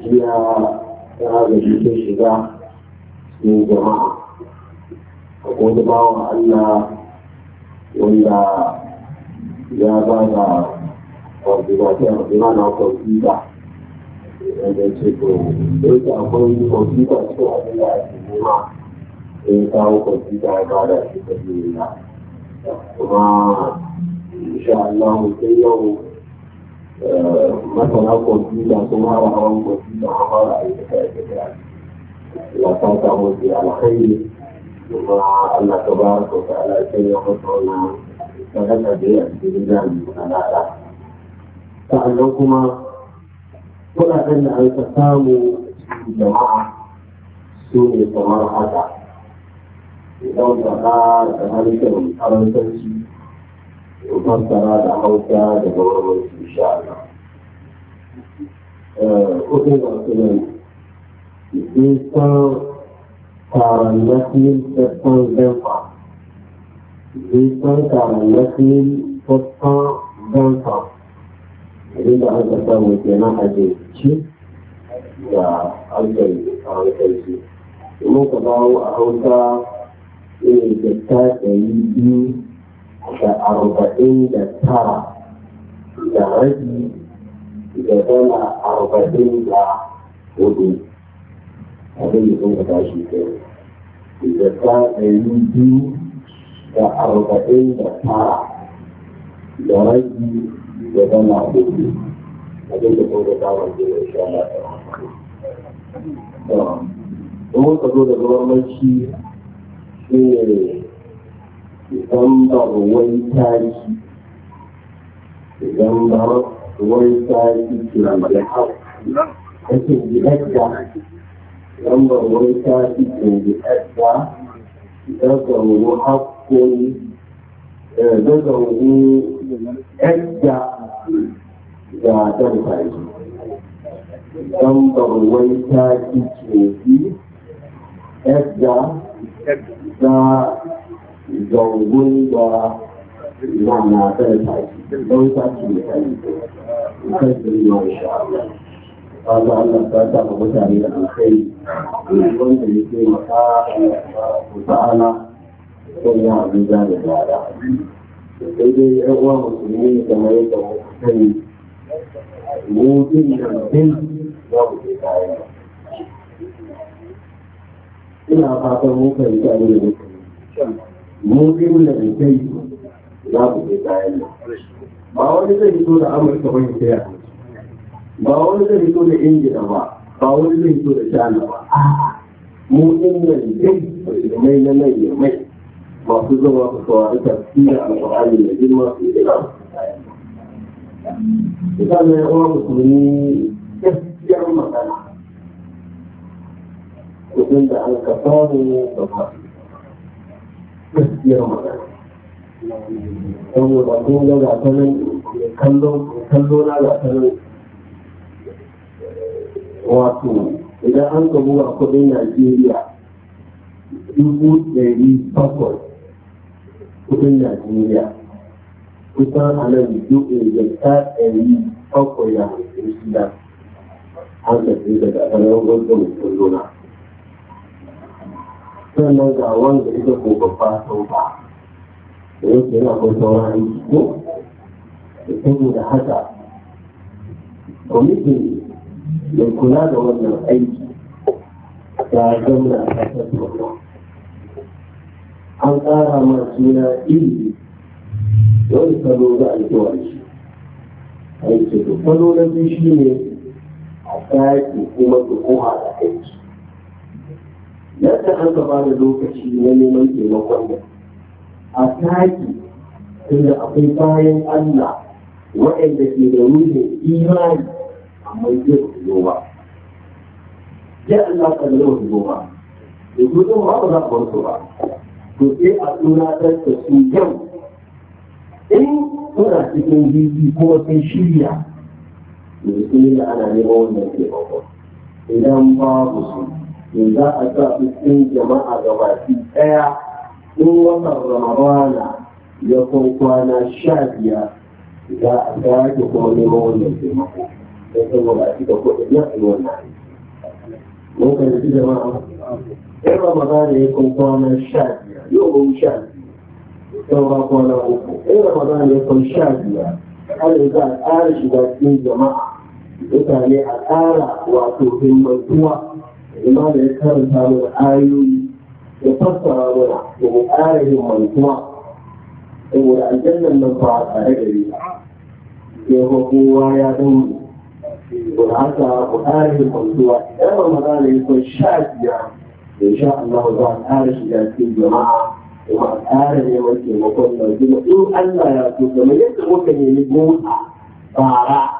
jiya ta gaji ta shiga cikin jama'a akwai wani bawan allah wanda ya ba da kwamfuta ta na kwamfuta wanda ce to sai ta akwai kwamfuta a abin da ake nema sai kawo kwamfuta ya ba da shi ta kuma insha Allah sai yau eh, masana kwamfuta sun fara hawan kwamfuta a fara aikata aikata ya fata musu alkhairi kuma Allah ta ba ka ta ala sai ya fata wannan sadaka da ya cikin jami na lada sa'annan kuma kuɗaɗen da an ka samu jama'a su ne kamar haka ɗaukaka da harshen faransanci da fassara da hausa da gaurawar su sha Allah. Kusan masu nan, nisan tarannakin tattan zanfa, nisan zanfa, da aka samu kenan a da harshen faransanci. Mun ka a hausa da ta ɗari biyu da arba'in da tara da rabi da dala arba'in da hudu abin da sun gaba shi kai da ta ɗari biyu da arba'in da tara da rabi da dala hudu abin da sun gaba wanda ya sha da ɗaya. Don haka shine idan ba ruwai tashi idan ba ruwai tashi kiran da hau ake gidan idan ba ruwai tashi kiran da zagarwu haƙƙoƙi zagarwu yadda ga dantari don barwai ta ci ceki yadda da zangon da na ta da tashi don tashi da kan yi Ba ga mutane da alkai wanda ya ke maka ta'ala ko ya abin da da dada sai dai yan uwa musulmi kamar yadda ina fatan muka yi abin da muke mun kai mun da kai za ku kai kayan nan ba wani zai fito da amurka ba ya ba wani zai fito da ingila ba ba wani zai fito da China? ba mu din nan dai mai na nan ya mai masu zama ku saurari a alƙur'ani da girma su yi ba ita ne ya uwa musulmi gaskiyar magana kudin da an ka samu da ba gaskiyar magana saboda kun ga ga ta nan kallo na ga ta nan wato idan an ka buga kudin najeriya dubu ɗari bakwai kudin najeriya kusan a nan dubu ɗari bakwai da hamsin shida an ka daga ƙarfin gwamnati kallo na sannan ga wanda ita ko babba sau ba da yake yana ko sauran aiki ko da saboda haka kwamitin mai kula da wannan aiki ya gamna a kasar an ƙara ma suna iri wani salo za a yi kowar shi aiki to salo na biyu shi ne a sake kuma da kowa da aiki yadda an gaba da lokaci na neman taimakon da a taki tunda akwai bayan Allah waɗanda ke da ruhin imani amma zai ku zo ba ya Allah ka zama ku zo ba da ku ba ba za a bar ba to sai a tunatar ta su yau in suna cikin jirgi ko sun shirya da su da ana neman wannan taimakon idan babu su to za a sa cikin jama'a ga baki ɗaya in watan ramadana ya kai kwana sha biyar za a sake kuma neman wannan taimako don saboda a cika kuɗin nan a yi wannan mun kan ji jama'a in ramadana ya kai kwana sha biyar yau mun sha biyu saura kwana uku in ramadana ya kai sha biyar ana za a ƙara shiga cikin jama'a mutane a ƙara wato himmantuwa imam ya karanta mana ayoyi ya fassara mana da mu ƙara yin mantuwa saboda aljannan nan ba a tare da ni sai ko kowa ya dan mu haka mu ƙara yin mantuwa idan ramadan ya kai sha biyar in sha Allah za a ƙara shiga cikin jama'a kuma a ƙara neman taimakon nan kuma in Allah ya so kamar yadda muka nemi goma bara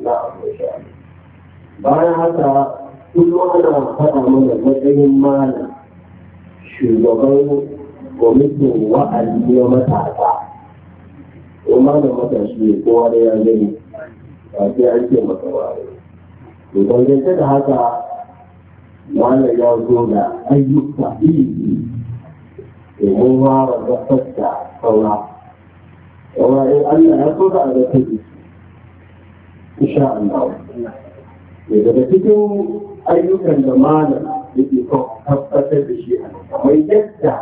bayan haka kullum ana faɗa mana matsayin mana shugaban gwamnatin wa'azi na matasa ko mana matashi ne kowa da ya gani ba sai an ce masa ba to dangance da haka malam ya zo da ayyuka iri domin fara gafarta saura saura in Allah ya so da a gafarta in sha Allah daga cikin ayyukan da malam yake tabbatar da shi kamar yadda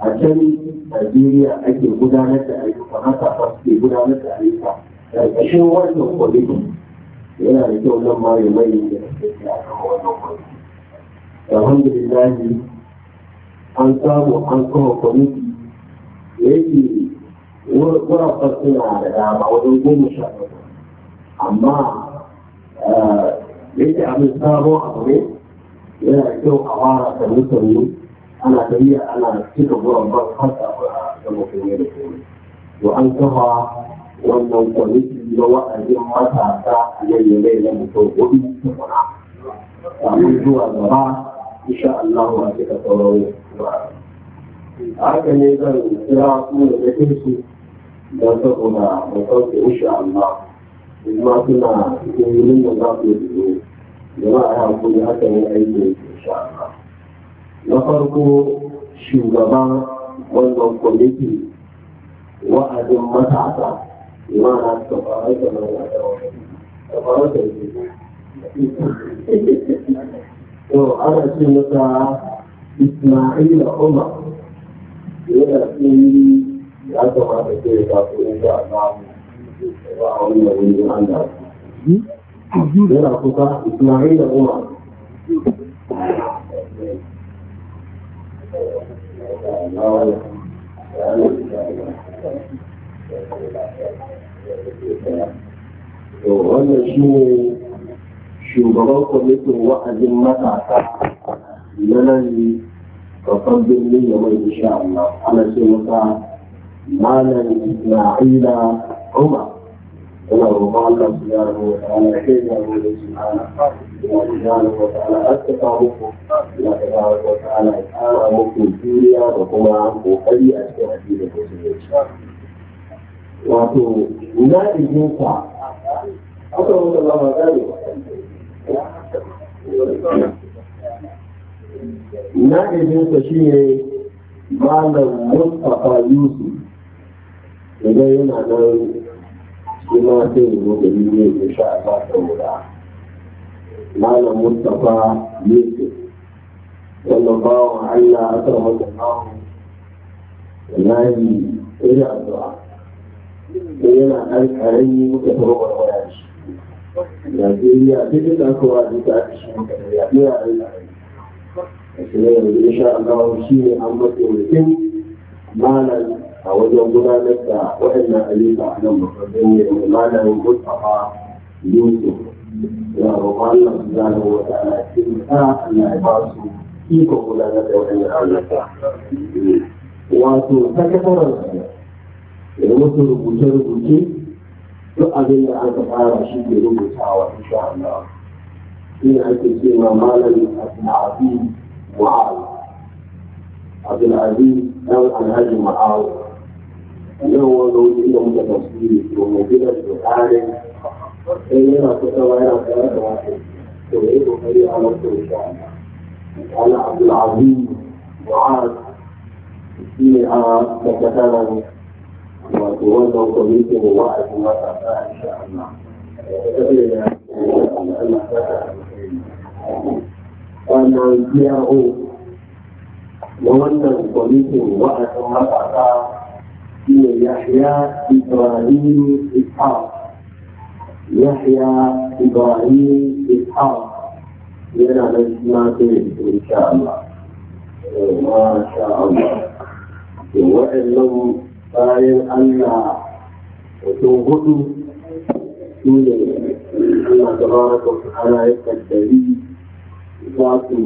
a can Najeriya ake gudanar da ayyuka matasa suke gudanar da ayyuka ƙarƙashin wannan kwaliki yana da kyau nan ma ya mai da wannan kwaliki alhamdulillah an samu an kawo kwaliki da yake wurafar suna da dama wajen goma sha bakwai amma eh, yake abin sabon abu ne yana da kyau a fara sannu sannu ana tafiya ana cika gurin ban har da a gama komai da komai to an kafa wannan kwamiti na wa'azin matasa a yayyarai na mutum hudu tukuna samun zuwa gaba insha Allah a cika sauran a haka ne zan kira su da kai su don saboda mutum sauke insha Allah kuma suna cikin wurin da za su yi jama'a ya hankali haka ne aiki sha na farko shugaban wannan kwamiti wa'adin matasa imana ta fara da mai da fara da to ana ce masa ismaila umar yana cikin ya kamata ke ya kafin da alamu yana kusa ismail da umar to wannan shi ne shugaban kwamitin wa'azin matasa na nan babban birnin yamai insha Allah ana ce masa malam Ismaila umma ina roƙon Allah ya rabu wa ta'ala ya ya rabu da su ana ina su ya rabu wa ya ya da wato na aka mutu ba ma gane na shi ne malam Mustapha Yusuf idan yana nan shi ma sai ya zo ne ya sha ta saboda malam Mustapha Yusuf wannan bawan Allah aka masa namu wallahi ina zuwa. sai yana ɗan ƙarami muka tarwar waya shi Najeriya duk da aka wa duka aka shi muka tarwar waya shi ne yanzu insha Allah shi ne an matsayin malam وجودنا لك وإنا إليك نحن مقدمين وما له المصطفى يوسف يا رب الله سبحانه وتعالى إنا عباده فيك قلالك وإنا لك وأنتم تكفر الأمر المسلم بوشر بوشي تؤذن أن تفعل شيء يروح تعالى إن شاء الله في حيث سيما مالا لأبن عبيد معاوية عبد العزيز نوع الهاجم معاوية sannan wani wani inda muka tasiri to mu gina da tsarin sai yana kusa ba yana kusa da wasu to ya yi kokari a nan to insha Allah ana Abdul Azim Mu'az shi ne a sakataren wato wannan kwamitin wa'azin matasa insha Allah wannan PRO na wannan kwamitin wa'azin matasa هو يحيى إبراهيم إسحاق يحيى إبراهيم إسحاق ينا نسمعتين إن شاء الله ما شاء الله وإن لم قائل أن وتوهدوا Allah tabaraka wa ta'ala ya kaddari za su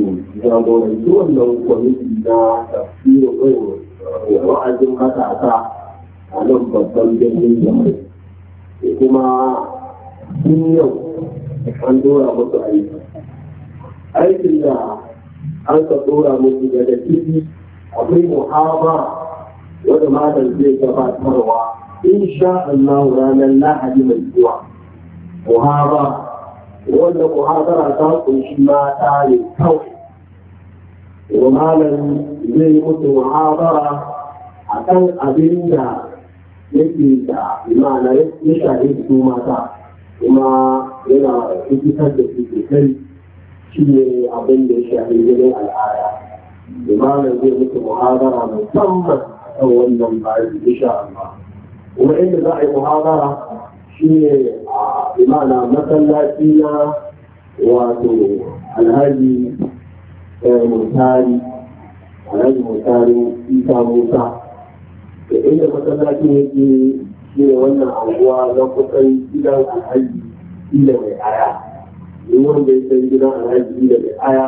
jagoranci wannan kwamiti تفسير tafsirin wa'azin matasa a nan babban birnin yamai kuma sun yau an dora musu aiki aikin da an ka dora musu daga ciki akwai muhama wanda malam zai gabatarwa insha Allah ranar lahadi mai zuwa muhama wanda muhabara ta kunshi mata ne kawai wa malam zai mutu muhabara a kan abin da yake da ma'ana ya shaɗe su mata kuma yana rikitar da su sosai shi ne abin da ya shafi gidan al'ada imanin zai mutu muhazara musamman kan wannan bayan insha Allah kuma inda za a yi muhazara shi ne a imana masallaci na wato alhaji mutari alhaji mutari isa musa da inda masallacin yake shi ne wannan anguwa na kusan gidan alhaji ila mai aya in wanda ya san gidan alhaji ila mai aya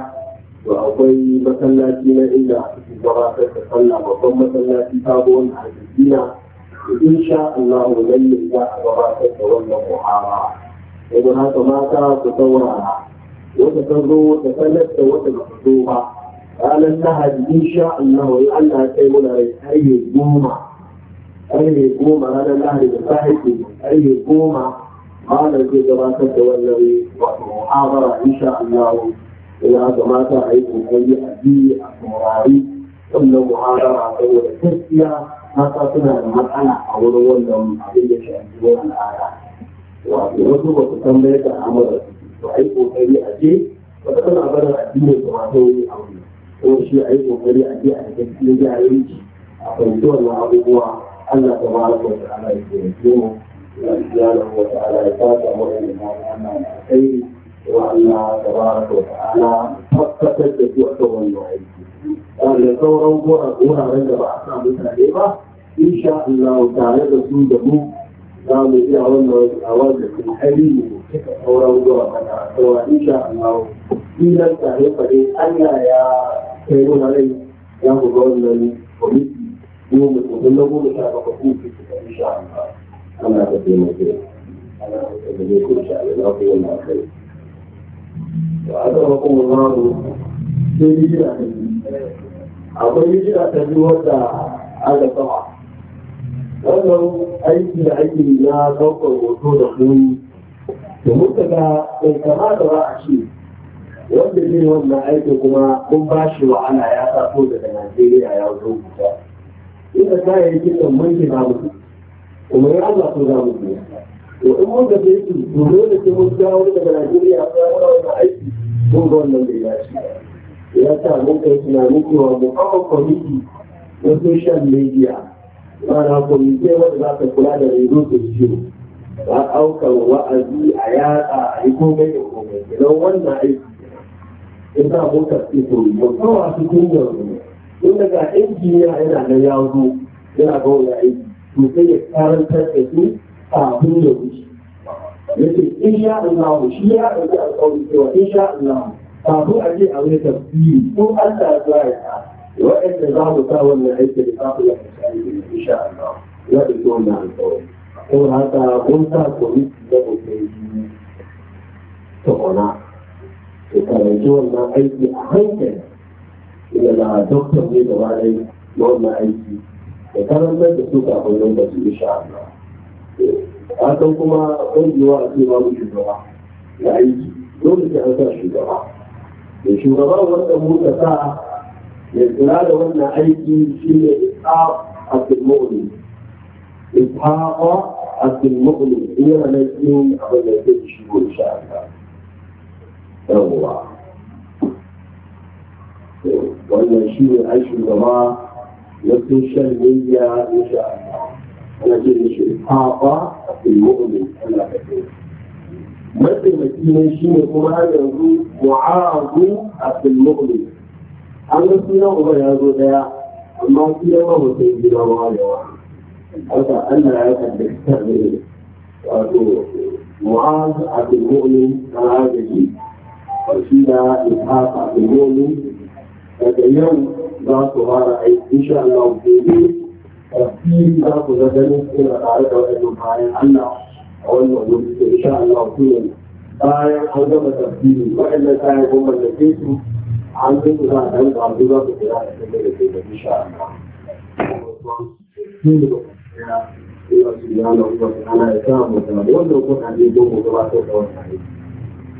to akwai masallaci na inda ake gabatar da sallah babban masallaci sabuwar alhaji in sha Allah nan ne za a gabatar da wannan muhara yanzu haka mata ku saurara wata ta zo ta sanar da wata ba ta zo ba ranar lahadi in sha Allah wai Allah ya kai muna rai har goma ƙarfe goma ranar lahadi da sahihi ƙarfe goma malam zai gabatar da wannan wato muhabara insha Allah ina ga mata a yi kokari a biyu a saurari wannan muhabara saboda gaskiya mata suna da matsala a wurin wannan abin da shafi wani al'ada wato wasu ba su san bai da amurka su a yi kokari a je wata suna barin addinin su mata wani abu ko shi a yi kokari a je a cikin jarinci a fahimci wannan abubuwa أن تبارك وتعالى يكون سبحانه وتعالى يفاتح وإنهم أمام الخير وأن تبارك وتعالى فقط يحفظ الوعيد قال ثورة وراء رجب أحسن بتعليمة إن شاء الله تعالى تسوده قام يجعلون أوازح الحليم ثورة وراء ثورة إن شاء الله في ذلك التعليق أن يا كيرون عليه يا مغلل وليس goma domin na goma sha bakwai ko fi suka fi sha amma ana da taimake ana da taimake ko sha da na kowane kai to a zama kuma babu sai hijira ta biyu akwai hijira ta biyu wadda aka sama wannan aiki da ake na ɗaukar hoto da kuma da muka ga bai kamata ba a ce wanda ne wannan aikin kuma kun ba shi wa'ala ya taso daga najeriya ya zo kusa ina kayayyakin nan mun ke zamu kuma ya Allah ko zamu biya to in mun ga sai su dole sai mun dawo daga Najeriya a fara wani aiki mun ga wannan bai dace ya sa mun kai tunanin cewa mu kafa kwamiti na social media mana kwamiti wanda za ta kula da rezo da ciwo ba aukar wa'azi a yatsa a yi komai da komai idan wannan aiki ya sa mun karfi to mu kawo su tun yanzu tun daga injiniya yana da ya zo yana ga wani aiki to sai ya karantar da su kafin ya wuce ya ce in sha Allah shi ya ɗauki alƙawari cewa in sha Allah kafin a je a wani tafsiri ko Allah ya zuwa ya ta waɗanda za mu sa wannan aiki da kafin ya kasance in sha Allah ya ɗauki wannan alƙawari ko haka kun sa komiti na mutum ta ƙona. Shekarar jiwon wannan aiki a hankali daga doktor ne gaba dai na wannan aiki da karantar da su kafin lokaci insha Allah a kan kuma ƙungiyowa a ce babu shugaba da aiki dole sai an sa shugaba da shugaba wanda muka sa ya kula da wannan aiki shi ne a abdulmu'min ishaqa abdulmu'min ina nan yin abin da yake shigo insha Allah yawwa وإن الشيء عيش الجماعة يبدو الشلمية إن شاء الله أنا شيء حاقة المؤمن أنا متى مدينة شيء كما يرجو معاذ أبي المؤمن أنا سنة أبا يرجو ذا أما سنة ما هو سيدنا وعلي وعلي أنا لا يحب التأمين معاذ أبي المؤمن أنا أبي وشيء إنحاق أبي المؤمن daga yau za su fara aiki insha Allah gobe tafsiri za ku ga ganin suna tare da waɗannan bayan Allah a wannan wuri da insha Allah su bayan an gama tafsiri waɗannan kayan kuma da ke su an zai su za a ɗan ƙwazo za su kira da kuma da ke da insha Allah. Allah subhanahu wa ta'ala ya samu da wannan kuɗaɗe don mu gabatar da wannan aiki.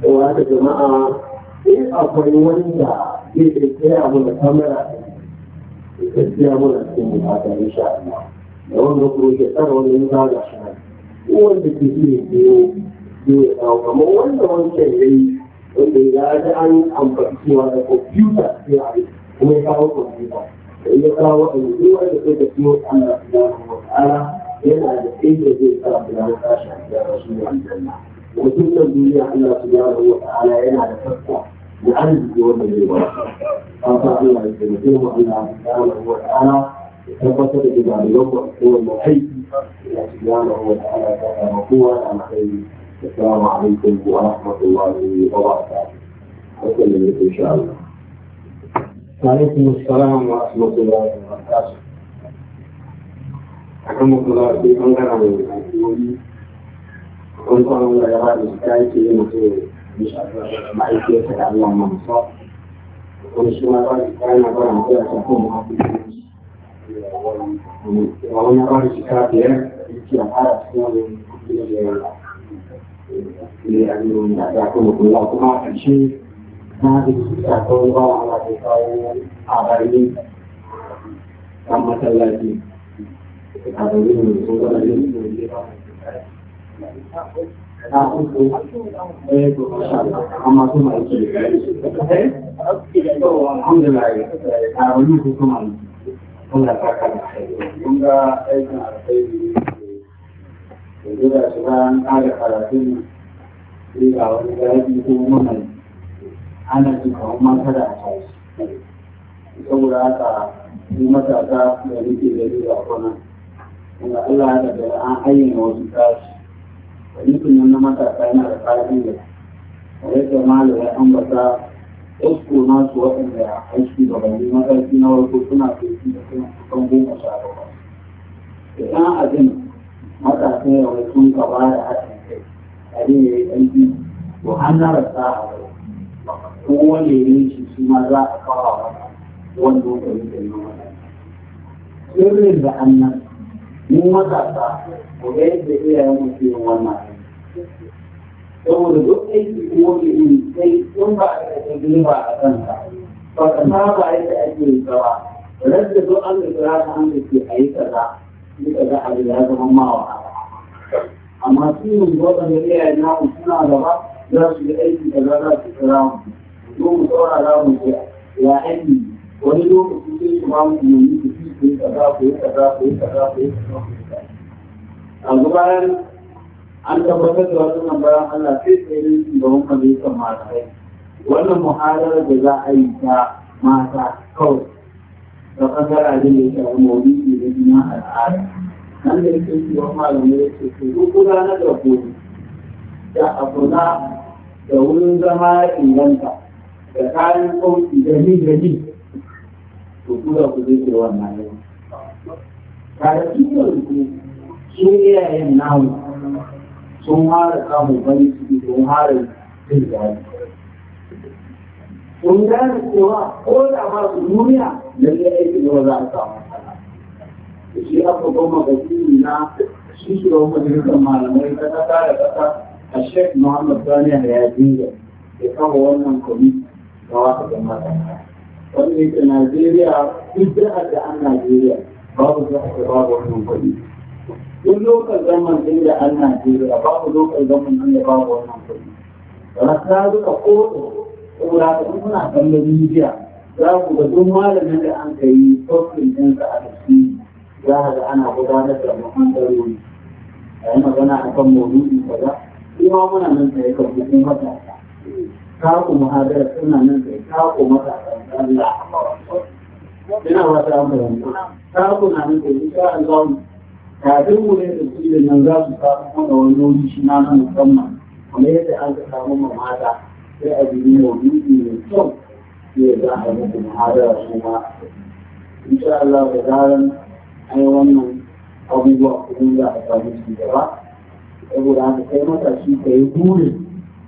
Saboda haka jama'a in akwai wanda zai tsaya mana kamera da gaskiya mana cikin bukata in sha Allah da wanda kuma ke tsara wani yin zaga shi nan ko wanda ke iya biyo biyo ya kawo kamar wanda wancan ya yi wanda ya ji an amfani cewa da kwamfuta ya yi kuma ya kawo kwamfuta da ya kawo waɗanda duk wanda sai da biyo Allah subhanahu wa ta'ala yana da inda zai tsara da ya tashi a cikin rasulun aljanna. Mutum duniya Allah subhanahu wa ta'ala yana da tsakka لأن يوم الجمعة أعطى الله يكلمه أن سبحانه وتعالى ثبت بجمال يوم هو المحيي سبحانه وتعالى كان مقوى على خير السلام عليكم ورحمة الله وبركاته وسلم لكم إن شاء الله وعليكم السلام ورحمة الله وبركاته حكمك الله في أنقرة من الحكومة كنت أنا يرى بشكاية المسؤولين ma'aikiyarsa da Allah na musa wani shi ma ba yana ba mu kira ta kuma a wani ba da shekara biyar yake a fara cikin wani kudin da yawa ne a yi da ya kuma kula kuma a ƙarshe na da shekara ta wani ba wa Allah da kawo a bari kan masallaci a bari ne sun zama yin su ne ba ana jin kamar mata da a saboda haka su matasa da nake da a kwanan wanda Allah ya an ayyana wasu tashi hadisin nan matasa yana da fa'ida kamar da ya ambata wasu nasu waɗanda aiki da bani mataki na warko suna aiki da suna kusan goma sha bakwai idan abin ya yawai sun gaba da haɗin kai abin ya yi ɗanki to an na rasa a yau ya yi shi ma za a kawo wanda wanda ya yi da yi sirrin da annan mu matasa mu ga yadda iyayen mu ke wannan saboda duk aiki ko wani iri sai sun ba a ƙarfi ba a kanka ba ka saba yadda ake yi ba rarda duk an da kira ta an da ke a yi kaza ni kaza a ya zama ma wahala amma su yin gwada da iyayen namu suna gaba za su yi aiki kaza za su kira mu ko mu saurara mu ya aiki wani lokaci sai su ba mu yi ku yi kaza ku yi kaza ku yi kaza ku yi kaza ku yi kaza yanzu bayan an tabbatar da wasu bayan Allah sai da yin shugaban majalisar malamai wannan muhalar da za a yi ta mata kawai da kasar abin da ya shafi maudu'i da jina al'ada nan da yake shugaban malamai ya ce su duk gudanar da gobe da abuna da wurin zama inganta da kayan sauki da ni da ni to ku da ku zai ce wannan yau kada dukkan ku su iyayen namu sun hara samun bari ciki sun hara jin daɗi sun gane cewa ko da ba su duniya lalle aiki ne za a samu shi aka goma ga na shi shi wa majalisar malamai ta kasa da kasa a shek muhammad sani a yajin ya kama wannan kwamiti ga wata jama'a wanda yake Najeriya duk jihar da an Najeriya babu jihar da babu wannan kuɗi. Duk lokal zaman ɗin da an Najeriya babu lokal zaman ɗin da babu wannan kuɗi. Rana ta zuka kotu saboda in kuna kallon media za ku ga duk malamin da an ka yi tofin ɗinsa a ciki za ka ga ana gudanar da muhandarori. A yi magana a kan maudu'i kaza. Ima muna nan tsaye kan hukumar da taku muhadara suna nan kai taku mata Allah ina wata amfani taku na nan kai insha Allah kafin mu ne da kuɗi nan za su samu kuma wani wuri shi na nan musamman kuma yadda an ka samu mamata sai a mu ne wani mai kyau ya za a muku muhadara su ma insha Allah da zaran ai wannan abubuwa kuma za a samu su gaba saboda haka kai matashi ka yi burin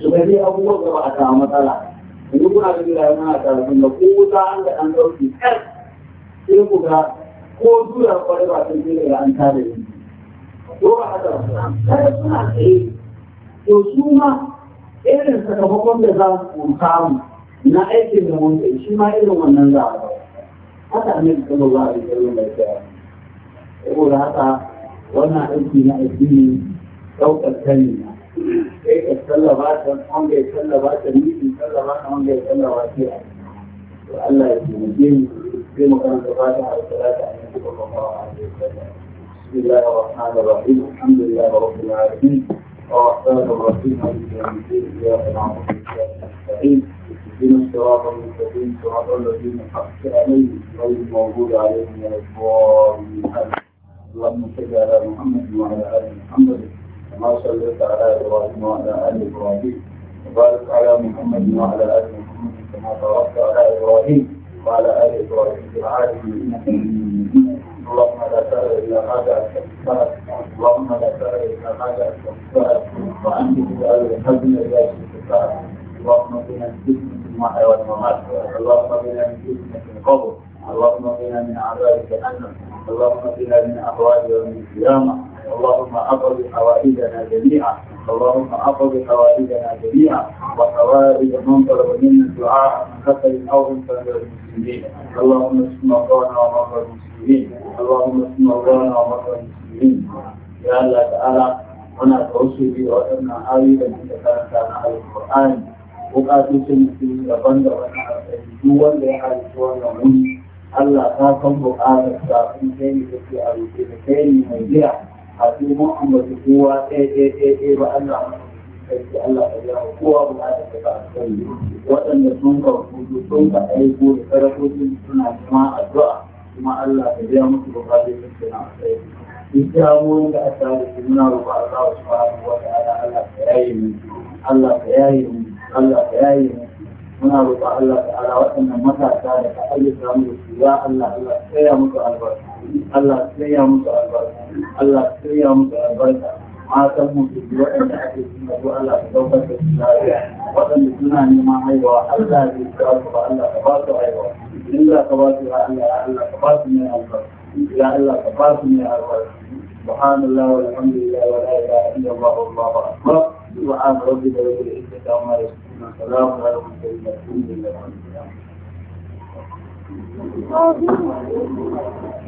su ga dai abubuwan da ba a samu matsala yanzu kuna da gida yana karfin da ko wuta an ga an ɗauki ƙar sai ku ga ko dura kwarai ba sun ce da an tada yi ko ba haka ba kada suna tsaye to su ma irin sakamakon da za ku samu na aikin da mun kai shi ma irin wannan za a ba haka annabi sallallahu alaihi wasallam bai tsaya saboda haka wannan aiki na addini ɗaukar sani na sai ka sallaba ta wanda ya sallaba ta miji sallaba ta wanda ya sallaba ta ya to Allah ya taimake mu sai mu karanta بسم الله الرحمن الرحيم الحمد لله رب العالمين الرحمن الرحيم مالك يوم الدين الصراط المستقيم صراط الذين حقت عليهم غير المغضوب عليهم ولا الضالين اللهم صل على محمد وعلى ال محمد صليت على إبراهيم وعلى آل إبراهيم وبارك على محمد وعلى آل محمد كما باركت على إبراهيم وعلى آل إبراهيم في العالمين اللهم لا سهل إلا ما جعلت اللهم لا سهل إلا ما جعلت وأنت تسأل الحزن إلى شركك اللهم بنا من جسمة المحيا والممات اللهم بنا من جسمة القبر اللهم بنا من أعداء جهنم اللهم بنا من أهوال يوم القيامة اللهم اقض حوائجنا جميعا اللهم اقض حوائجنا جميعا وحوائج من طلب منا الدعاء من قتل او من المسلمين اللهم اشف مرضانا ومرضى المسلمين اللهم اشف مرضانا ومرضى المسلمين يا الله تعالى أنا توصي وأن بن من كان على القرآن وقاتل سنتي لبند وأنا أتجوى لحالتوى يومين Allah ta san buƙatar sa in لكي ne لكي a a cikin muhammadu kowa ɗaya ɗaya ɗaya ɗaya ba Allah aiki Allah ka ya kowa ba da ka ba kai waɗanda sun ka hudu sun ka aiko da sarakokin suna kuma addu'a kuma Allah ka biya musu bukatun sun suna sai mu. da aka da su muna roƙa Allah subhanahu wa ala Allah ta yaye mu Allah ka yaye mu Allah ka yaye mu muna roƙa Allah ta'ala waɗannan matasa da ka ayyuka mu da su ya Allah Allah ta yaye musu albarka Allah shirya musu albarka Allah shirya musu albarka matan musu waɗanda ake suna ko Allah ka daukar da su lafiya waɗanda suna neman haihuwa Allah zai kira su ba Allah ka ba su haihuwa in za ka ba su ya Allah Allah ka ba su mai albarka ya Allah ka ba su mai albarka سبحان الله والحمد لله ولا اله الا الله والله اكبر سبحان ربك رب العزه عما يصفون سلام على المرسلين الحمد لله رب العالمين